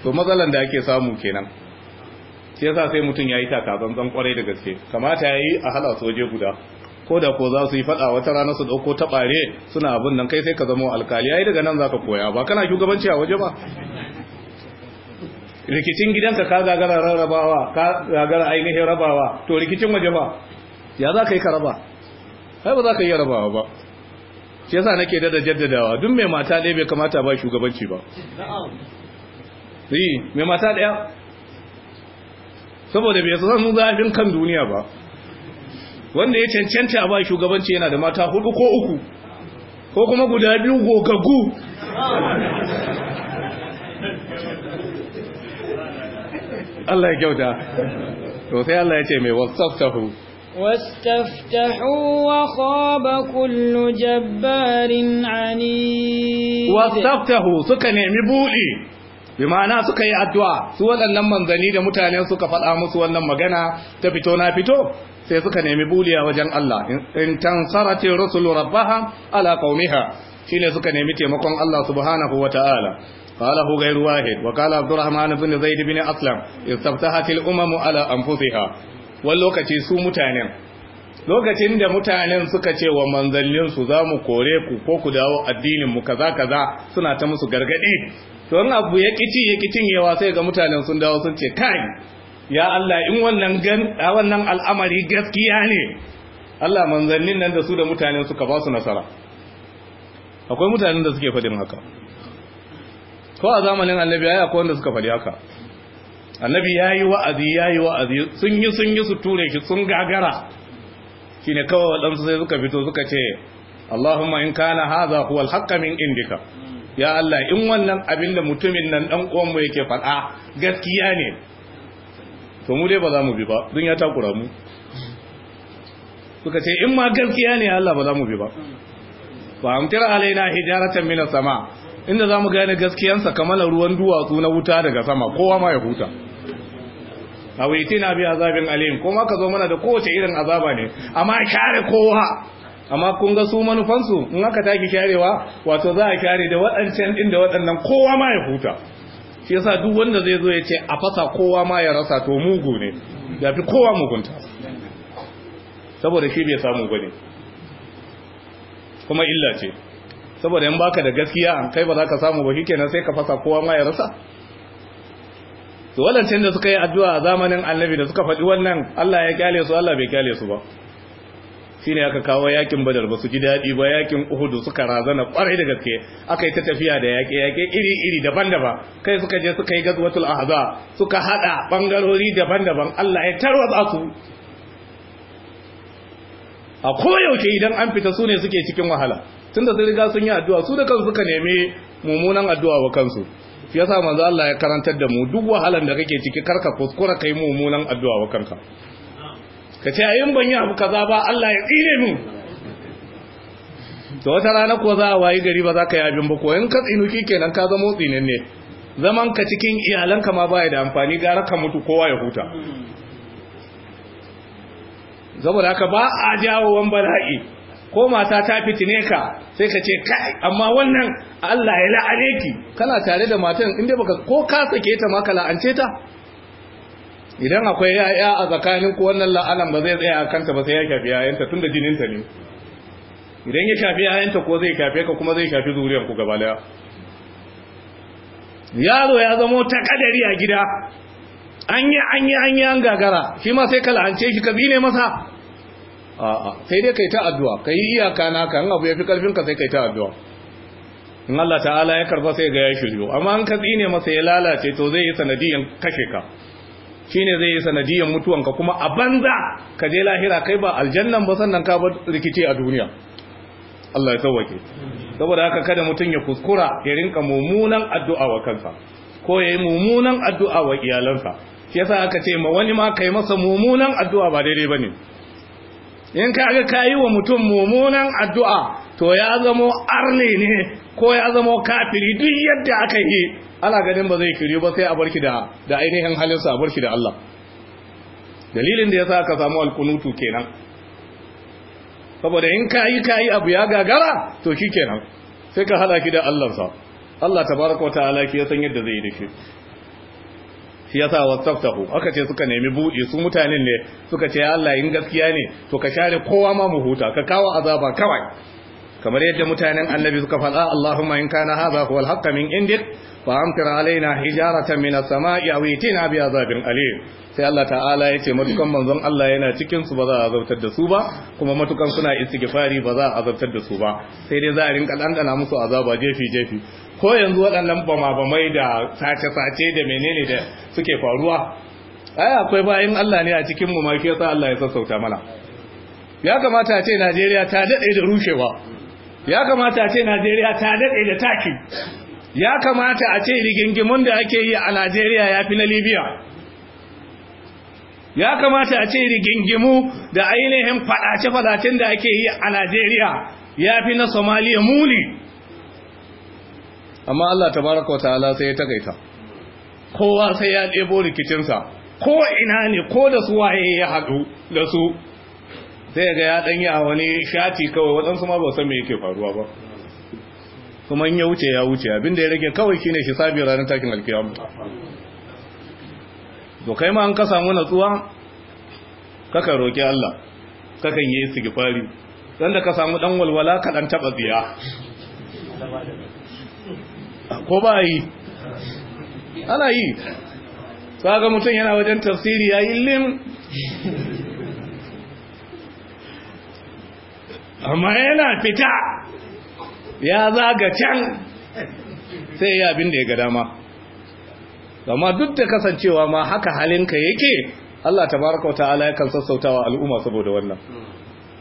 to matsalan da ake samu kenan shi yasa sai mutum ya yi takatsantsan kwarai da gaske kamata ya yi a hala soje guda ko da ko za su yi faɗa wata rana su ɗauko taɓare suna abin nan kai sai ka zama alkali ya yi daga nan za ka koya ba kana shugabanci a waje ba rikicin gidanka ka gagara rarrabawa ka gagara ainihin rabawa to rikicin waje ba ya za ka yi ka raba kai ba za ka yi rabawa ba shi yasa nake da jaddadawa duk mai mata ne bai kamata ba shugabanci ba yi mai mata daya saboda bai san zafin kan duniya ba wanda ya cancanta a ba shugabanci yana da mata hudu ko uku ko kuma guda biyu gogaggu Allah ya kyauta to sai Allah ya ce mai wasaftahu واستفتحوا jabbarin كل Wasu عنيد suka nemi مبولي bi ma'ana suka yi addu'a su waɗannan manzanni da mutanen suka faɗa musu wannan magana ta fito na fito sai suka nemi buliya wajen Allah in tansarati rusulu rabbaha ala qaumiha shine suka nemi taimakon Allah subhanahu wataala قال هو غير واحد وقال عبد الرحمن بن زيد بن أسلم استفتحت الأمم على أنفسها lokaci su mutanen. lokacin da mutanen suka ce wa manzanninsu za mu kore ku ko ku dawo addinin mu kaza kaza suna ta musu gargadi to in abu ya kici ya kicin yawa sai ga mutanen sun dawo sun ce kai ya Allah in wannan gan a wannan al'amari gaskiya ne Allah manzannin nan da su da mutanen suka ba su nasara akwai mutanen da suke fadin haka ko a zamanin annabi yayi akwai wanda suka fadi haka annabi yayi wa'azi yayi wa'azi sun yi sun yi su ture shi sun gagara shine kawai wadansu sai suka fito suka ce Allahumma in kana hadha huwa al-haqq min indika ya Allah in wannan abin da mutumin nan dan uwan mu yake faɗa gaskiya ne to mu dai ba za mu bi ba dun ya takura mu suka ce in ma gaskiya ne Allah ba za mu bi ba fa amtir alaina hijaratan min sama inda za mu gane sa kamar ruwan duwatsu na wuta daga sama kowa ma ya huta A na bi azabin alim kuma ka zo mana da kowace irin azaba ne amma kare kowa amma kun ga su manufansu in aka taki sharewa wato za a share da waɗancan inda da waɗannan kowa ma ya huta shi yasa duk wanda zai zo ya ce a fasa kowa ma ya rasa to mugu ne ya fi kowa mugunta saboda shi bai samu bane kuma illa ce saboda in baka da gaskiya an kai ba za ka samu ba shi kenan sai ka fasa kowa ma ya rasa to waɗancan da suka yi addu'a a zamanin annabi da suka faɗi wannan Allah ya kyale su Allah bai kyale su ba shine aka kawo yakin badar ba su ji daɗi ba yakin uhudu suka razana ƙwarai da gaske aka yi ta tafiya da yaƙe yaƙe iri iri daban-daban kai suka je suka yi gazwatul ahza suka hada bangarori daban-daban Allah ya tarwatsa su a koyaushe idan an fita su ne suke cikin wahala tun da sun riga sun yi addu'a su da kansu suka nemi mummunan addu'a wa kansu shi yasa manzo Allah ya karantar da mu duk wahalan da kake ciki karka kuskura kai mummunan addu'a wa kanka ka ce ayin ban yi abu ka za ba Allah ya tsire mu. Da wata rana ko za a wayi gari ba za ka yi abin ba ko in ka tsinu kenan ka zama tsinin ne zaman ka cikin iyalanka ma baya da amfani gara ka mutu kowa ya huta saboda haka ba a jawo wan bala'i ko mata ta fitine ka sai ka ce kai amma wannan Allah ya la'ane ki kana tare da matan inda baka ko ka sake ta ma ka la'ance ta idan akwai ya'ya a tsakanin ku wannan la'alan ba zai tsaya a kanta ba sai ya shafi ya'yanta tun da jininta ne idan ya shafi ya'yanta ko zai shafe ka kuma zai shafi zuriyar ku gaba daya yaro ya zamo ta kadari a gida an yi an yi an yi an gagara shi ma sai ka la'ance shi ka bi ne masa a'a sai dai kai ta addu'a kai iyaka naka in abu ya fi karfin ka sai kai ta addu'a in Allah ta'ala ya karba sai ga ya shiryo amma an ka tsine masa ya lalace to zai yi sanadiyan kashe ka ne zai yi sanadiyar mutuwanka kuma a banza ka je lahira kai ba aljannan ba sannan ka bar rikici a duniya Allah ya sauwake saboda haka kada mutum ya kuskura ya rinka mummunan addu'a wa kansa ko ya yi mummunan addu'a wa iyalansa shi yasa aka ce ma wani ma kai masa mummunan addu'a ba daidai bane in ka ga kayi wa mutum mummunan addu'a to ya zamo arne ne ko ya zamo kafiri duk yadda aka yi ana ganin ba zai kiri ba sai a barki da da ainihin halin a barki da Allah dalilin da yasa ka samu alkunutu kenan saboda in kayi kayi abu ya gagara to shikenan sai ka hada ki da Allah sa Allah tabaraka wa ta'ala ki san yadda zai yi da shi shi yasa wasaftahu aka ce suka nemi buɗe su mutanen ne suka ce Allah in gaskiya ne to ka share kowa ma mu huta ka kawo azaba kawai kamar yadda mutanen annabi suka faɗa Allahumma in kana hadha huwa al-haqq min indik fa amtir alaina hijaratan min as-sama'i aw itina bi azabin alim sai Allah ta'ala yace matukan manzon Allah yana cikin su ba za a azabtar da su ba kuma matukan suna istighfari ba za a azabtar da su ba sai dai za a rinka dangana musu azaba jefi jefi ko yanzu waɗannan bama bamai da sace sace da menene da suke faruwa ai akwai bayin Allah ne a cikin mu ma ke sa Allah ya sassauta mana ya kamata a ce Najeriya ta daɗe da rushewa ya kamata a ce najeriya ta daɗe da taki ya kamata a ce rigingimun da ake yi a najeriya ya fi na libya ya kamata a ce rigingimu da ainihin faɗace-faɗacen da ake yi a najeriya ya fi na somaliya muli amma allah ta baraka wa ta'ala sai ya takaita kowa sai ya ɗebo rikicinsa ko ina ne ko da su waye ya haɗu da su sai ga ya danyi a wani shati kawai waɗansu ma ba san me yake faruwa ba kuma in ya wuce ya wuce abinda ya rage kawai shine shi hisabi ranar takin alkiyama to kai ma an ka samu natsuwa kaka roki Allah kakan yi istighfari dan da ka samu dan walwala ka dan taba biya. ko ba yi ana yi kaga mutum yana wajen tafsiri yayin lim amma yana fita ya zaga can sai ya abin da ya ga dama amma duk da kasancewa ma haka halinka yake Allah tabaraka ta'ala ya kan sassautawa al'umma saboda wannan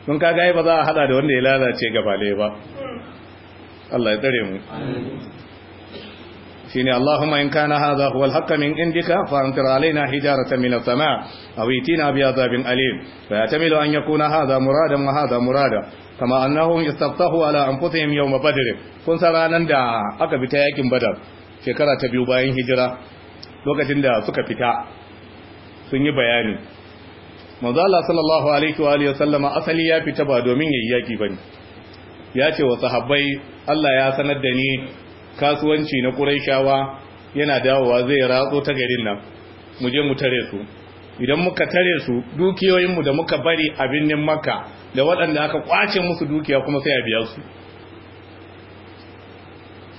mun kaga ba za a hada da wanda ya lalace gaba ba Allah ya tsare mu shine Allahumma in kana hadha huwa al-haqq min indika fa amtir alaina hijaratan min as-sama' aw itina bi adhabin alim fa yatamilu an yakuna hadha muradan wa hadha murada kama annahum istaftahu ala anfusihim yawm badr kun san da aka fita yakin badar shekara ta biyu bayan hijira lokacin da suka fita sun yi bayani manzo Allah sallallahu alaihi wa alihi wasallama asali ya fita ba domin yayi yaki bane ya ce wa sahabbai Allah ya sanar da ni kasuwanci na ƙuraishawa yana dawowa zai ratso ta garin nan mu je mu tare su idan muka tare su dukiyoyinmu da muka bari a birnin makka da waɗanda aka kwace musu dukiya kuma sai a biya su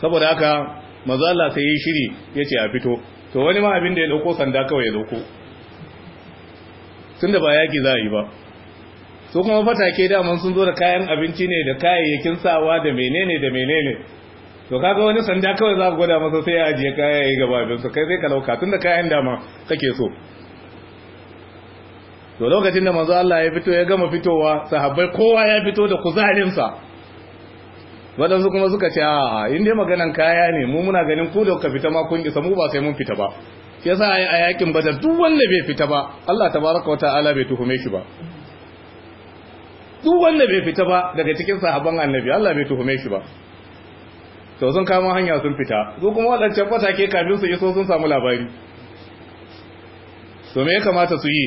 saboda haka mazala sai yi shiri ya ce a fito to wani ma abin da ya dauko sanda kawai ya dauko tun da ba yaki za a yi ba su kuma fatake daman sun zo da kayan abinci ne da kayayyakin sawa da menene da menene to kaga wani sanda kawai za ka gwada masa sai ya ajiye kaya ya yi gaba su kai sai ka lauka tun da kayan dama kake so to lokacin da manzo Allah ya fito ya gama fitowa sahabbai kowa ya fito da kuzarinsa waɗansu kuma suka ce a in dai maganan kaya ne mu muna ganin ko da ka fita ma kun isa mu ba sai mun fita ba shi yasa a yakin badar duk wanda bai fita ba Allah tabaraka wa ta'ala bai tuhume shi ba duk wanda bai fita ba daga cikin sahabban annabi Allah bai tuhume shi ba to sun kama hanya sun fita su kuma waɗancan fatake kafin su iso sun samu labari to me ya kamata su yi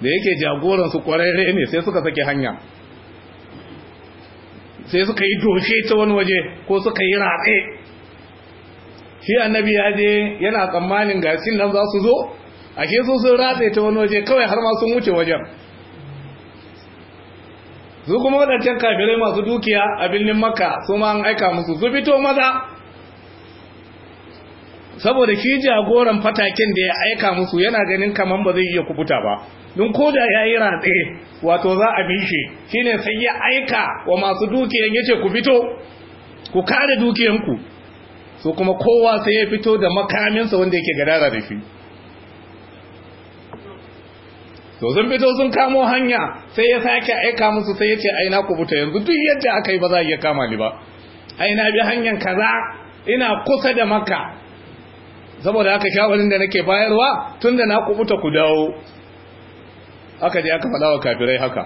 da yake jagoran su kwararre ne sai suka sake hanya sai suka yi doshe ta wani waje ko suka yi ratse shi annabi ya je yana tsammanin Gasi nan za su zo a ke su sun ratse ta wani waje kawai har ma sun wuce wajen su kuma waɗancan kafirai masu dukiya a birnin makka su ma an aika musu su fito maza saboda shi jagoran fatakin da ya aika musu yana ganin kaman ba zai iya kubuta ba don ko da ya yi ratse wato za a bishe shine sai ya aika wa masu dukiyan ya ce ku fito ku kare dukiyanku Su kuma kowa sai ya fito da makaminsa wanda yake gadara da shi to sun fito sun kamo hanya sai ya sake aika musu sai ya ce ai na kubuta yanzu duk yadda aka yi ba za a iya kama ni ba ai na bi hanyar kaza ina kusa da maka saboda aka shawarin da nake bayarwa tunda na kubuta ku dawo aka je aka faɗa wa kafirai haka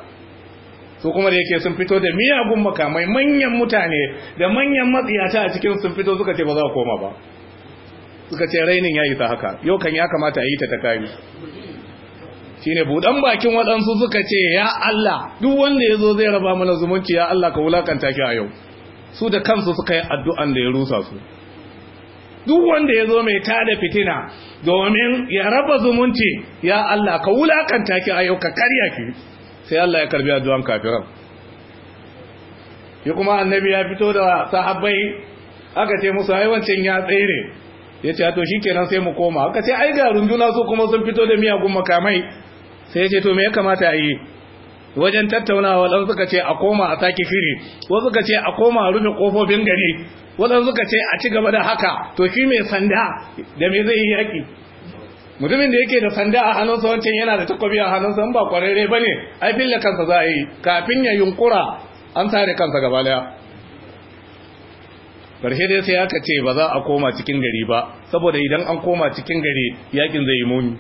su kuma da yake sun fito da miyagun makamai manyan mutane da manyan matsiyata a cikin sun fito suka ce ba za a koma ba suka ce rainin ya yi ta haka yau kan ya kamata a yi ta ta kari shine budan bakin waɗansu suka ce ya Allah duk wanda ya zai raba mana zumunci ya Allah ka wulakanta ki a yau su da kansu suka yi addu'an da ya rusa su duk wanda yazo mai tada fitina domin ya raba zumunci ya Allah ka wulakanta ki a yau ka karya ki sai Allah ya karbi addu'an kafiran ya kuma annabi ya fito da sahabbai aka ce musu haiwancin ya tsere ya ce to kenan sai mu koma aka ce ai ga runduna su kuma sun fito da miyagun makamai sai ce to me ya kamata a yi wajen tattaunawa wadansu suka ce a koma a sake shiri wasu suka ce a koma a rufe kofofin gari wadansu suka ce a ci gaba da haka to shi mai sanda da me zai yi yaƙi mutumin da yake da sanda a hannunsa wancan yana da takobi a hannunsa ba kwararre ba ne ai fille kansa za a yi kafin ya yunkura an sare kansa gaba daya karshe dai sai aka ce ba za a koma cikin gari ba saboda idan an koma cikin gari yakin zai yi muni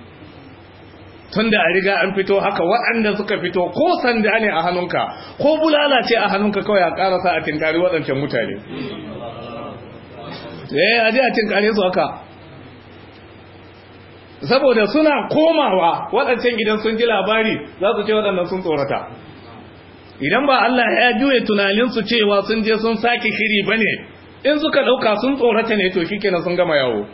tunda a riga an fito haka waɗanda suka fito ko sanda ne a hannunka ko bulala ce a hannunka kawai a karasa a tinkari waɗancan mutane eh aje a tinkare su haka saboda suna komawa waɗancan gidan sun ji labari za su ce waɗannan sun tsorata idan ba Allah ya juye tunaninsu cewa sun je sun sake shiri bane in suka ɗauka sun tsorata ne to shikenan sun gama yawo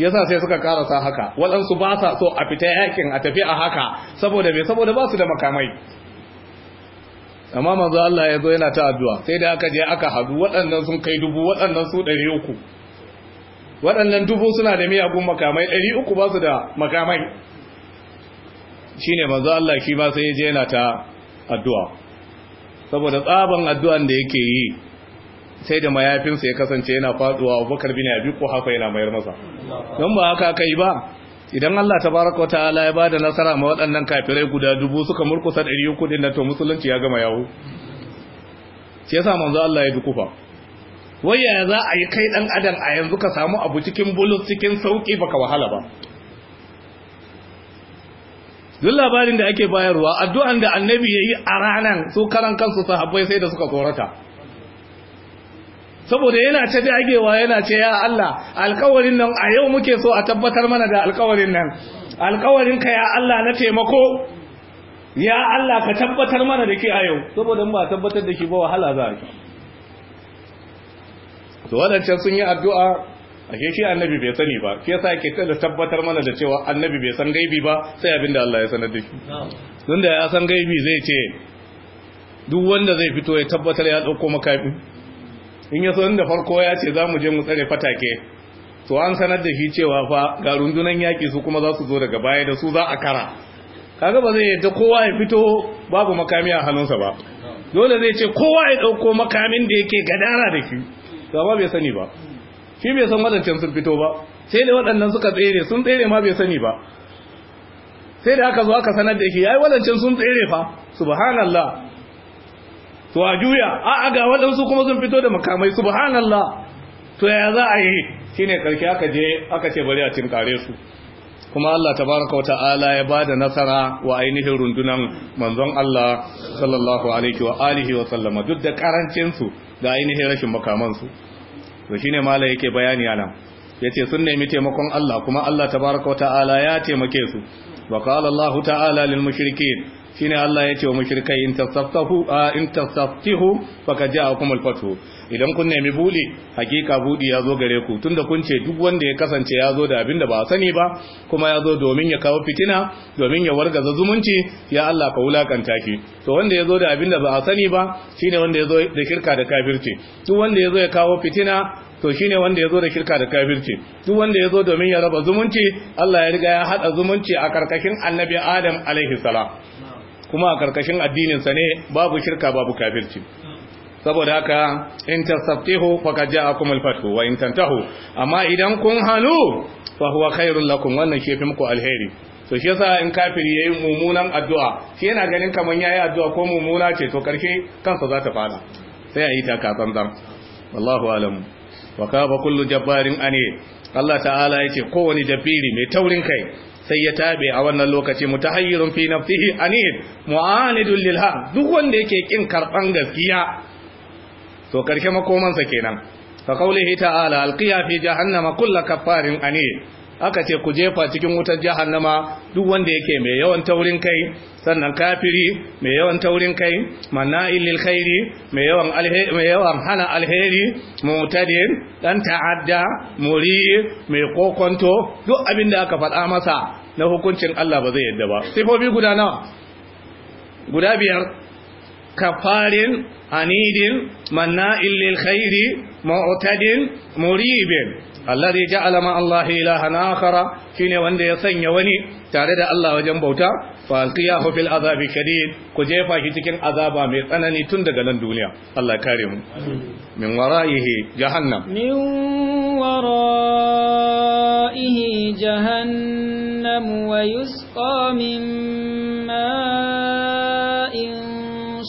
Ya sa sai suka karasa haka waɗansu ba sa so a fita yakin a tafi a haka saboda me saboda ba su da makamai amma manzo Allah ya zo yana ta addu'a sai da aka je aka hadu waɗannan sun kai dubu waɗannan su ɗari uku waɗannan dubu suna da miyagun makamai ɗari uku ba su da makamai shine manzo Allah shi ba sai ya je yana ta addu'a saboda tsaban addu'an da yake yi sai da mayafinsa ya kasance yana faduwa bakar bin Abi haka yana mayar masa don ba haka kai ba idan Allah Ta tabaraka ala ya bada nasara ma waɗannan kafirai guda dubu suka murkusa 300 din na to musulunci ya gama yawo shi yasa manzo Allah ya dukufa waya za a yi kai dan adam a yanzu ka samu abu cikin bulus cikin sauki baka wahala ba duk labarin da ake bayarwa addu'an da annabi ya yi a ranan su karan kansu sahabbai sai da suka tsorata saboda yana ta dagewa yana ce ya Allah alkawarin nan a yau muke so a tabbatar mana da alkawarin nan alkawarin ka ya Allah na taimako ya Allah ka tabbatar mana da ke a yau saboda ba tabbatar da shi ba wahala za ki to wadancan sun yi addu'a a ke shi annabi bai sani ba shi yasa yake da tabbatar mana da cewa annabi bai san gaibi ba sai abinda Allah ya sanar da shi don da ya san gaibi zai ce duk wanda zai fito ya tabbatar ya dauko makafi in ya so da farko ya ce za mu je mu tsare fatake to an sanar da shi cewa fa ga rundunan yaƙi su kuma za su zo daga baya da su za a kara kaga ba zai yadda kowa ya fito babu makami a hannunsa ba dole zai ce kowa ya ɗauko makamin da yake gadara da shi to amma bai sani ba shi bai san wadancan sun fito ba sai da waɗannan suka tsere sun tsere ma bai sani ba sai da aka zo aka sanar da shi yayi wadancan sun tsere fa subhanallah to a juya a ga waɗansu kuma sun fito da makamai subhanallah to ya za a yi shine karshe aka je aka ce bari a tinkare su kuma Allah tabaraka wa ta'ala ya bada nasara wa ainihin rundunan manzon Allah sallallahu alaihi wa alihi wa sallama duk da karancin da ainihin rashin makaman su to shine mala yake bayani anan yace sun nemi taimakon Allah kuma Allah tabaraka wa ta'ala ya taimake su wa qala Allah ta'ala lil mushrikeen shine Allah ya ce wa mushrikai in tasaffahu in tasaffihu faqad ja'akum al-fathu idan kun nemi buli hakika budi ya zo gare ku tunda kun ce duk wanda ya kasance ya zo da abin da ba a sani ba kuma ya zo domin ya kawo fitina domin ya wargaza zumunci ya Allah ka wulakanta ki to wanda ya zo da abin da ba a sani ba shine wanda ya zo da shirka da kafirci duk wanda ya zo ya kawo fitina to shine wanda ya zo da shirka da kafirci duk wanda ya zo domin ya raba zumunci Allah ya riga ya hada zumunci a karkashin annabi Adam alaihi salam kuma a karkashin addininsa ne babu shirka babu kafirci saboda haka in tasabtihu ja ja'akum alfatu wa in tantahu amma idan kun halu fa huwa khairul lakum wannan shi fi muku alheri to shi yasa in kafiri yayi mumunan addu'a shi yana ganin kaman yayi addu'a ko mumuna ce to karshe kansa za ta fara sai ayi ta kafan zam wallahu alam wa kafa kullu jabbarin ane Allah ta'ala yace kowani jabbiri mai taurin kai sai ya tabe a wannan lokaci mutahayyirun fi nafsihi anid mu'anidul lil haq duk wanda yake kin karban gaskiya to karshe makomansa kenan fa qawlihi ta'ala alqiya fi jahannama kullu kaffarin anid aka ce ku jefa cikin wutar jahannama duk wanda yake mai yawan taurin kai sannan kafiri mai yawan taurin kai mana'il lil khairi mai yawan alheri mai yawan hana alheri mu'tadin dan ta'adda muri mai kokonto duk abin da aka faɗa masa na hukuncin Allah ba zai yadda ba sifofi guda nawa guda biyar kafarin anidin manna'il lil khairi mu'tadin muribin alladhi ja'ala ma Allah ilahan akhara shine wanda ya sanya wani tare da Allah wajen bauta fa alqiyahu fil azabi shadid ku jefa shi cikin azaba mai tsanani tun daga nan duniya Allah kare mu min wara'ihi jahannam min wara'ihi jahannam wa yusqa min ma'in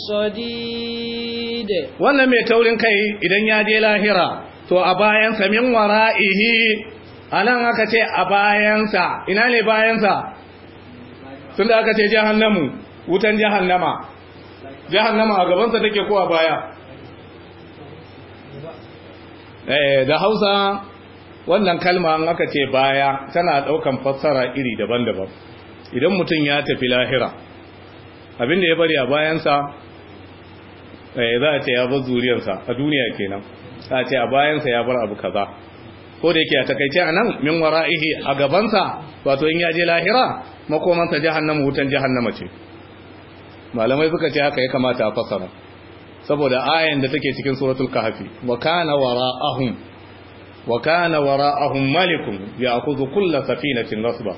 sadid wannan mai taurin kai idan ya je lahira to a bayansa min wara'ihi anan aka ce a bayansa ina ne bayansa tun da aka ce jahannamu wutan jahannama jahannama a gabansa take ko a baya eh, da hausa wannan kalma an aka ce baya tana daukan fassara iri daban-daban idan mutum ya tafi lahira abinda ya bari a bayansa eh, za a ce ya bar zuriyarsa a duniya kenan a ce a bayansa ya bar abu kaza ko da yake a takaice a nan min wara'ihi a gabansa wato in ya je lahira makomansa jahannama wutan jahannama ce malamai suka ce haka ya kamata a fasara saboda ayan da take cikin suratul kahfi wa kana wara'ahum wa kana wara'ahum malikun ya'khudhu kull safinatin nasba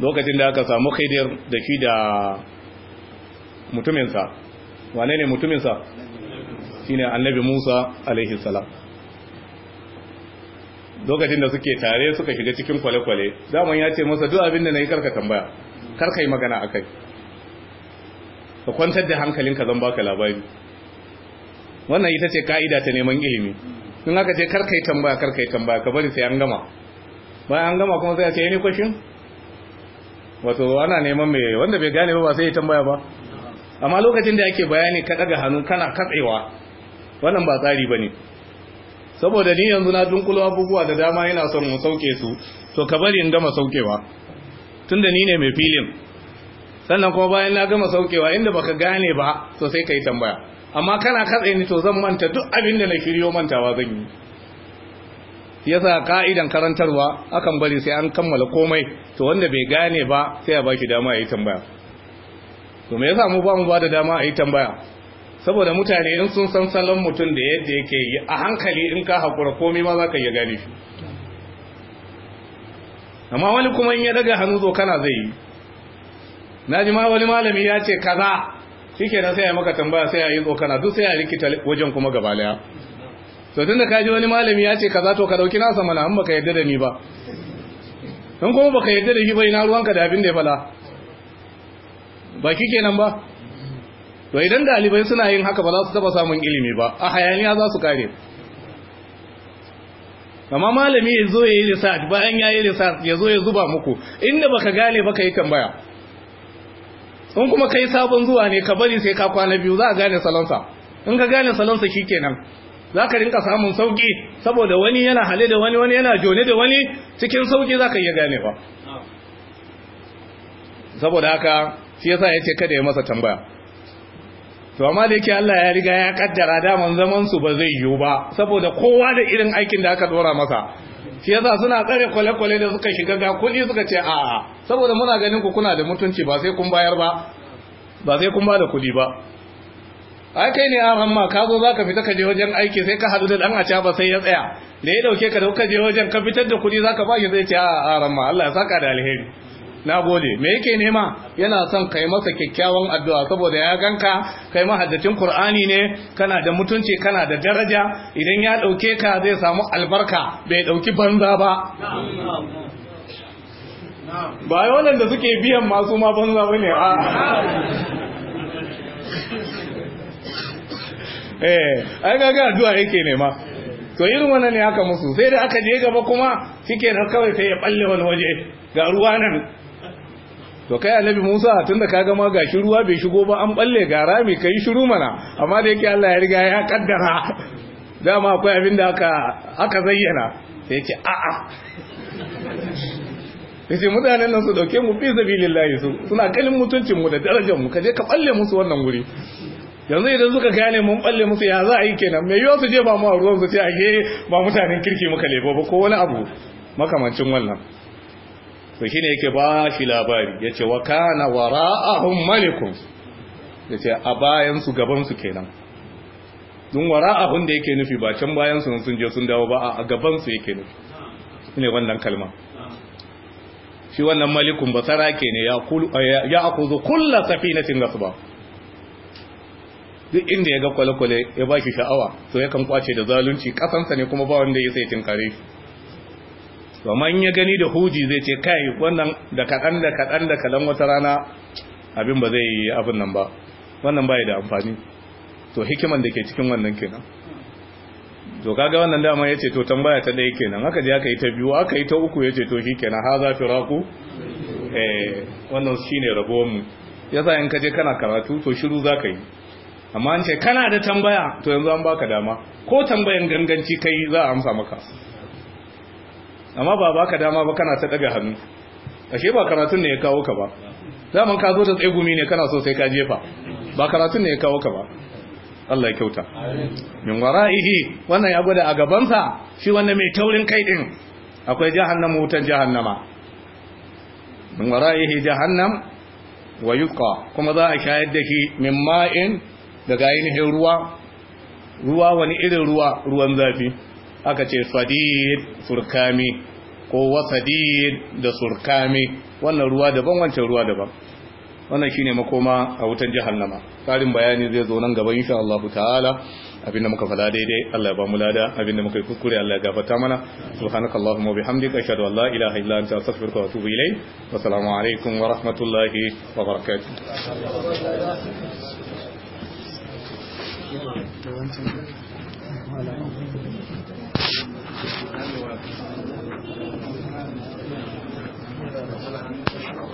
lokacin da aka samu khidir da shi da mutuminsa wane ne mutuminsa shine annabi Musa alaihi salam lokacin da suke tare suka shiga cikin kwale-kwale daman ya ce masa duk abin da yi karka tambaya karka yi magana a kai, ka kwantar da hankalinka zan baka labari wannan ita ce ka'ida ta neman ilimi in aka ce karka yi tambaya karka yi tambaya ka bari sai an gama bayan an gama kuma sai a ce yani kwashin, wato ana neman mai wanda bai gane ba sai ya tambaya ba amma lokacin da ake bayani ka daga hannu kana katsewa wannan ba tsari ba ne saboda ni yanzu na dunkulo abubuwa da dama yana son mu sauke su to ka bari in gama saukewa tunda ni ne mai filin sannan kuma bayan na gama saukewa inda baka gane ba to sai kai tambaya amma kana katse ni to zan manta duk abin da na shiryo mantawa zan yi yasa ka'idan karantarwa akan bari sai an kammala komai to wanda bai gane ba sai ya baki dama yayi tambaya to me yasa mu ba mu ba da dama a yi tambaya saboda mutane in sun san salon mutum da yadda yake yi a hankali in ka haƙura komai ma za ka iya gane shi amma wani kuma in ya daga hannu zo kana zai yi na ji ma wani malami ya ce kaza shi ke sai ya maka tambaya sai ya yi tsokana duk sai ya rikita wajen kuma gaba daya tun da ka ji wani malami ya ce kaza to ka dauki nasa mana an baka yadda da ni ba in kuma baka yadda da shi ba ina ruwanka da abin da ya fada ba kike nan ba to idan dalibai suna yin haka ba za su taba samun ilimi ba a hayaniya za su kare amma malami ya zo ya yi research bayan ya yi research ya zo ya zuba muku inda ba ka gane ba ka yi tambaya in kuma ka yi sabon zuwa ne ka bari sai ka kwana biyu za a gane salonsa in ka gane salonsa kenan za ka rinka samun sauki saboda wani yana hale da wani wani yana jone da wani cikin sauki za ka iya gane ba saboda haka shi yasa ya ce kada ya masa tambaya to amma da yake Allah ya riga ya kaddara daman zaman su ba zai yiwu ba saboda kowa da irin aikin da aka dora masa shi yasa suna tsare kwale-kwale da suka shiga ga kuɗi suka ce a'a saboda muna ganin ku kuna da mutunci ba sai kun bayar ba ba sai kun ba da kuɗi ba ai kai ne aran amma ka zo zaka fita ka je wajen aiki sai ka haɗu da ɗan acaba sai ya tsaya da ya ɗauke ka da je wajen ka fitar da kuɗi zaka ka ba shi zai ce a'a a'a Allah ya saka da alheri na gode me yake nema yana son kai masa kyakkyawan addu'a saboda ya ganka kai mahaddacin qur'ani ne kana da mutunci kana da daraja idan ya dauke ka zai samu albarka bai dauki banza ba ba yi waɗanda suke biyan masu ma banza ba ne a eh ai addu'a yake nema to irin wannan ne haka musu sai da aka je gaba kuma shike na kawai sai ya balle wani waje ga ruwa nan to kai annabi Musa tunda ka ga ma ruwa bai shigo ba an balle gara mai kai shiru mana amma da yake Allah ya riga ya kaddara dama akwai abin da aka aka zayyana sai yake a'a yace mutanen nan su dauke mu fi sabilillahi su suna kalin mutuncin mu da darajar mu kaje ka balle musu wannan guri. yanzu idan suka gane mun balle musu ya za a yi kenan Me yiwa su je ba mu a ruwan su ce a ba mutanen kirki muka lebo ba ko wani abu makamancin wannan to ne yake ba shi labari yace wa kana ra'ahun malikun yace a bayan su gaban su kenan dun wara'ahum da yake nufi ba can bayan su sun je sun dawo ba a gaban su yake nufi ne wannan kalma shi wannan malikun ba ke ne ya akuzu kulla gasu ba. duk inda ya ga kwale-kwale ya ba shi sha'awa to yakan kwace da zalunci kasansa ne kuma ba wanda ya sai tinkare shi to man in ya gani da huji zai ce kai wannan da kaɗan da kaɗan da kaɗan wata rana abin ba zai yi abin nan ba wannan bai da amfani to hikiman da ke cikin wannan kenan to kaga wannan dama yace to tambaya ta dai kenan aka je aka yi ta biyu aka yi ta uku yace to shikenan ha za firaku eh wannan shine rabuwar mu yasa in kaje kana karatu to shiru zaka yi amma an ce kana da tambaya to yanzu an baka dama ko tambayan ganganci kai za a amsa maka amma ba ka dama ba kana ta daga hannu ashe ba karatun ne ya kawo ka ba zaman ka zo ta tsegumi ne kana so sai ka jefa ba karatun ne ya kawo ka ba Allah ya kyauta min wara'ihi wannan ya gwada a gabansa shi wannan mai taurin kai din akwai jahannama wutan jahannama min wara'ihi jahannam wa yuqa kuma za a shayar da shi min ma'in daga ainihin ruwa ruwa wani irin ruwa ruwan zafi aka ce sadid surkami ko wasadid da surkami wannan ruwa daban wancan ruwa daban wannan shine makoma a wutan jahannama karin bayani zai zo nan gaba insha Allah ta'ala abinda muka fada daidai Allah ya ba mu lada abinda muka kuskure Allah ya gafarta mana subhanakallahumma bihamdika ashhadu an la ilaha illa anta astaghfiruka wa atubu ilayk wa assalamu alaikum wa rahmatullahi wa barakatuh どうしたらいいの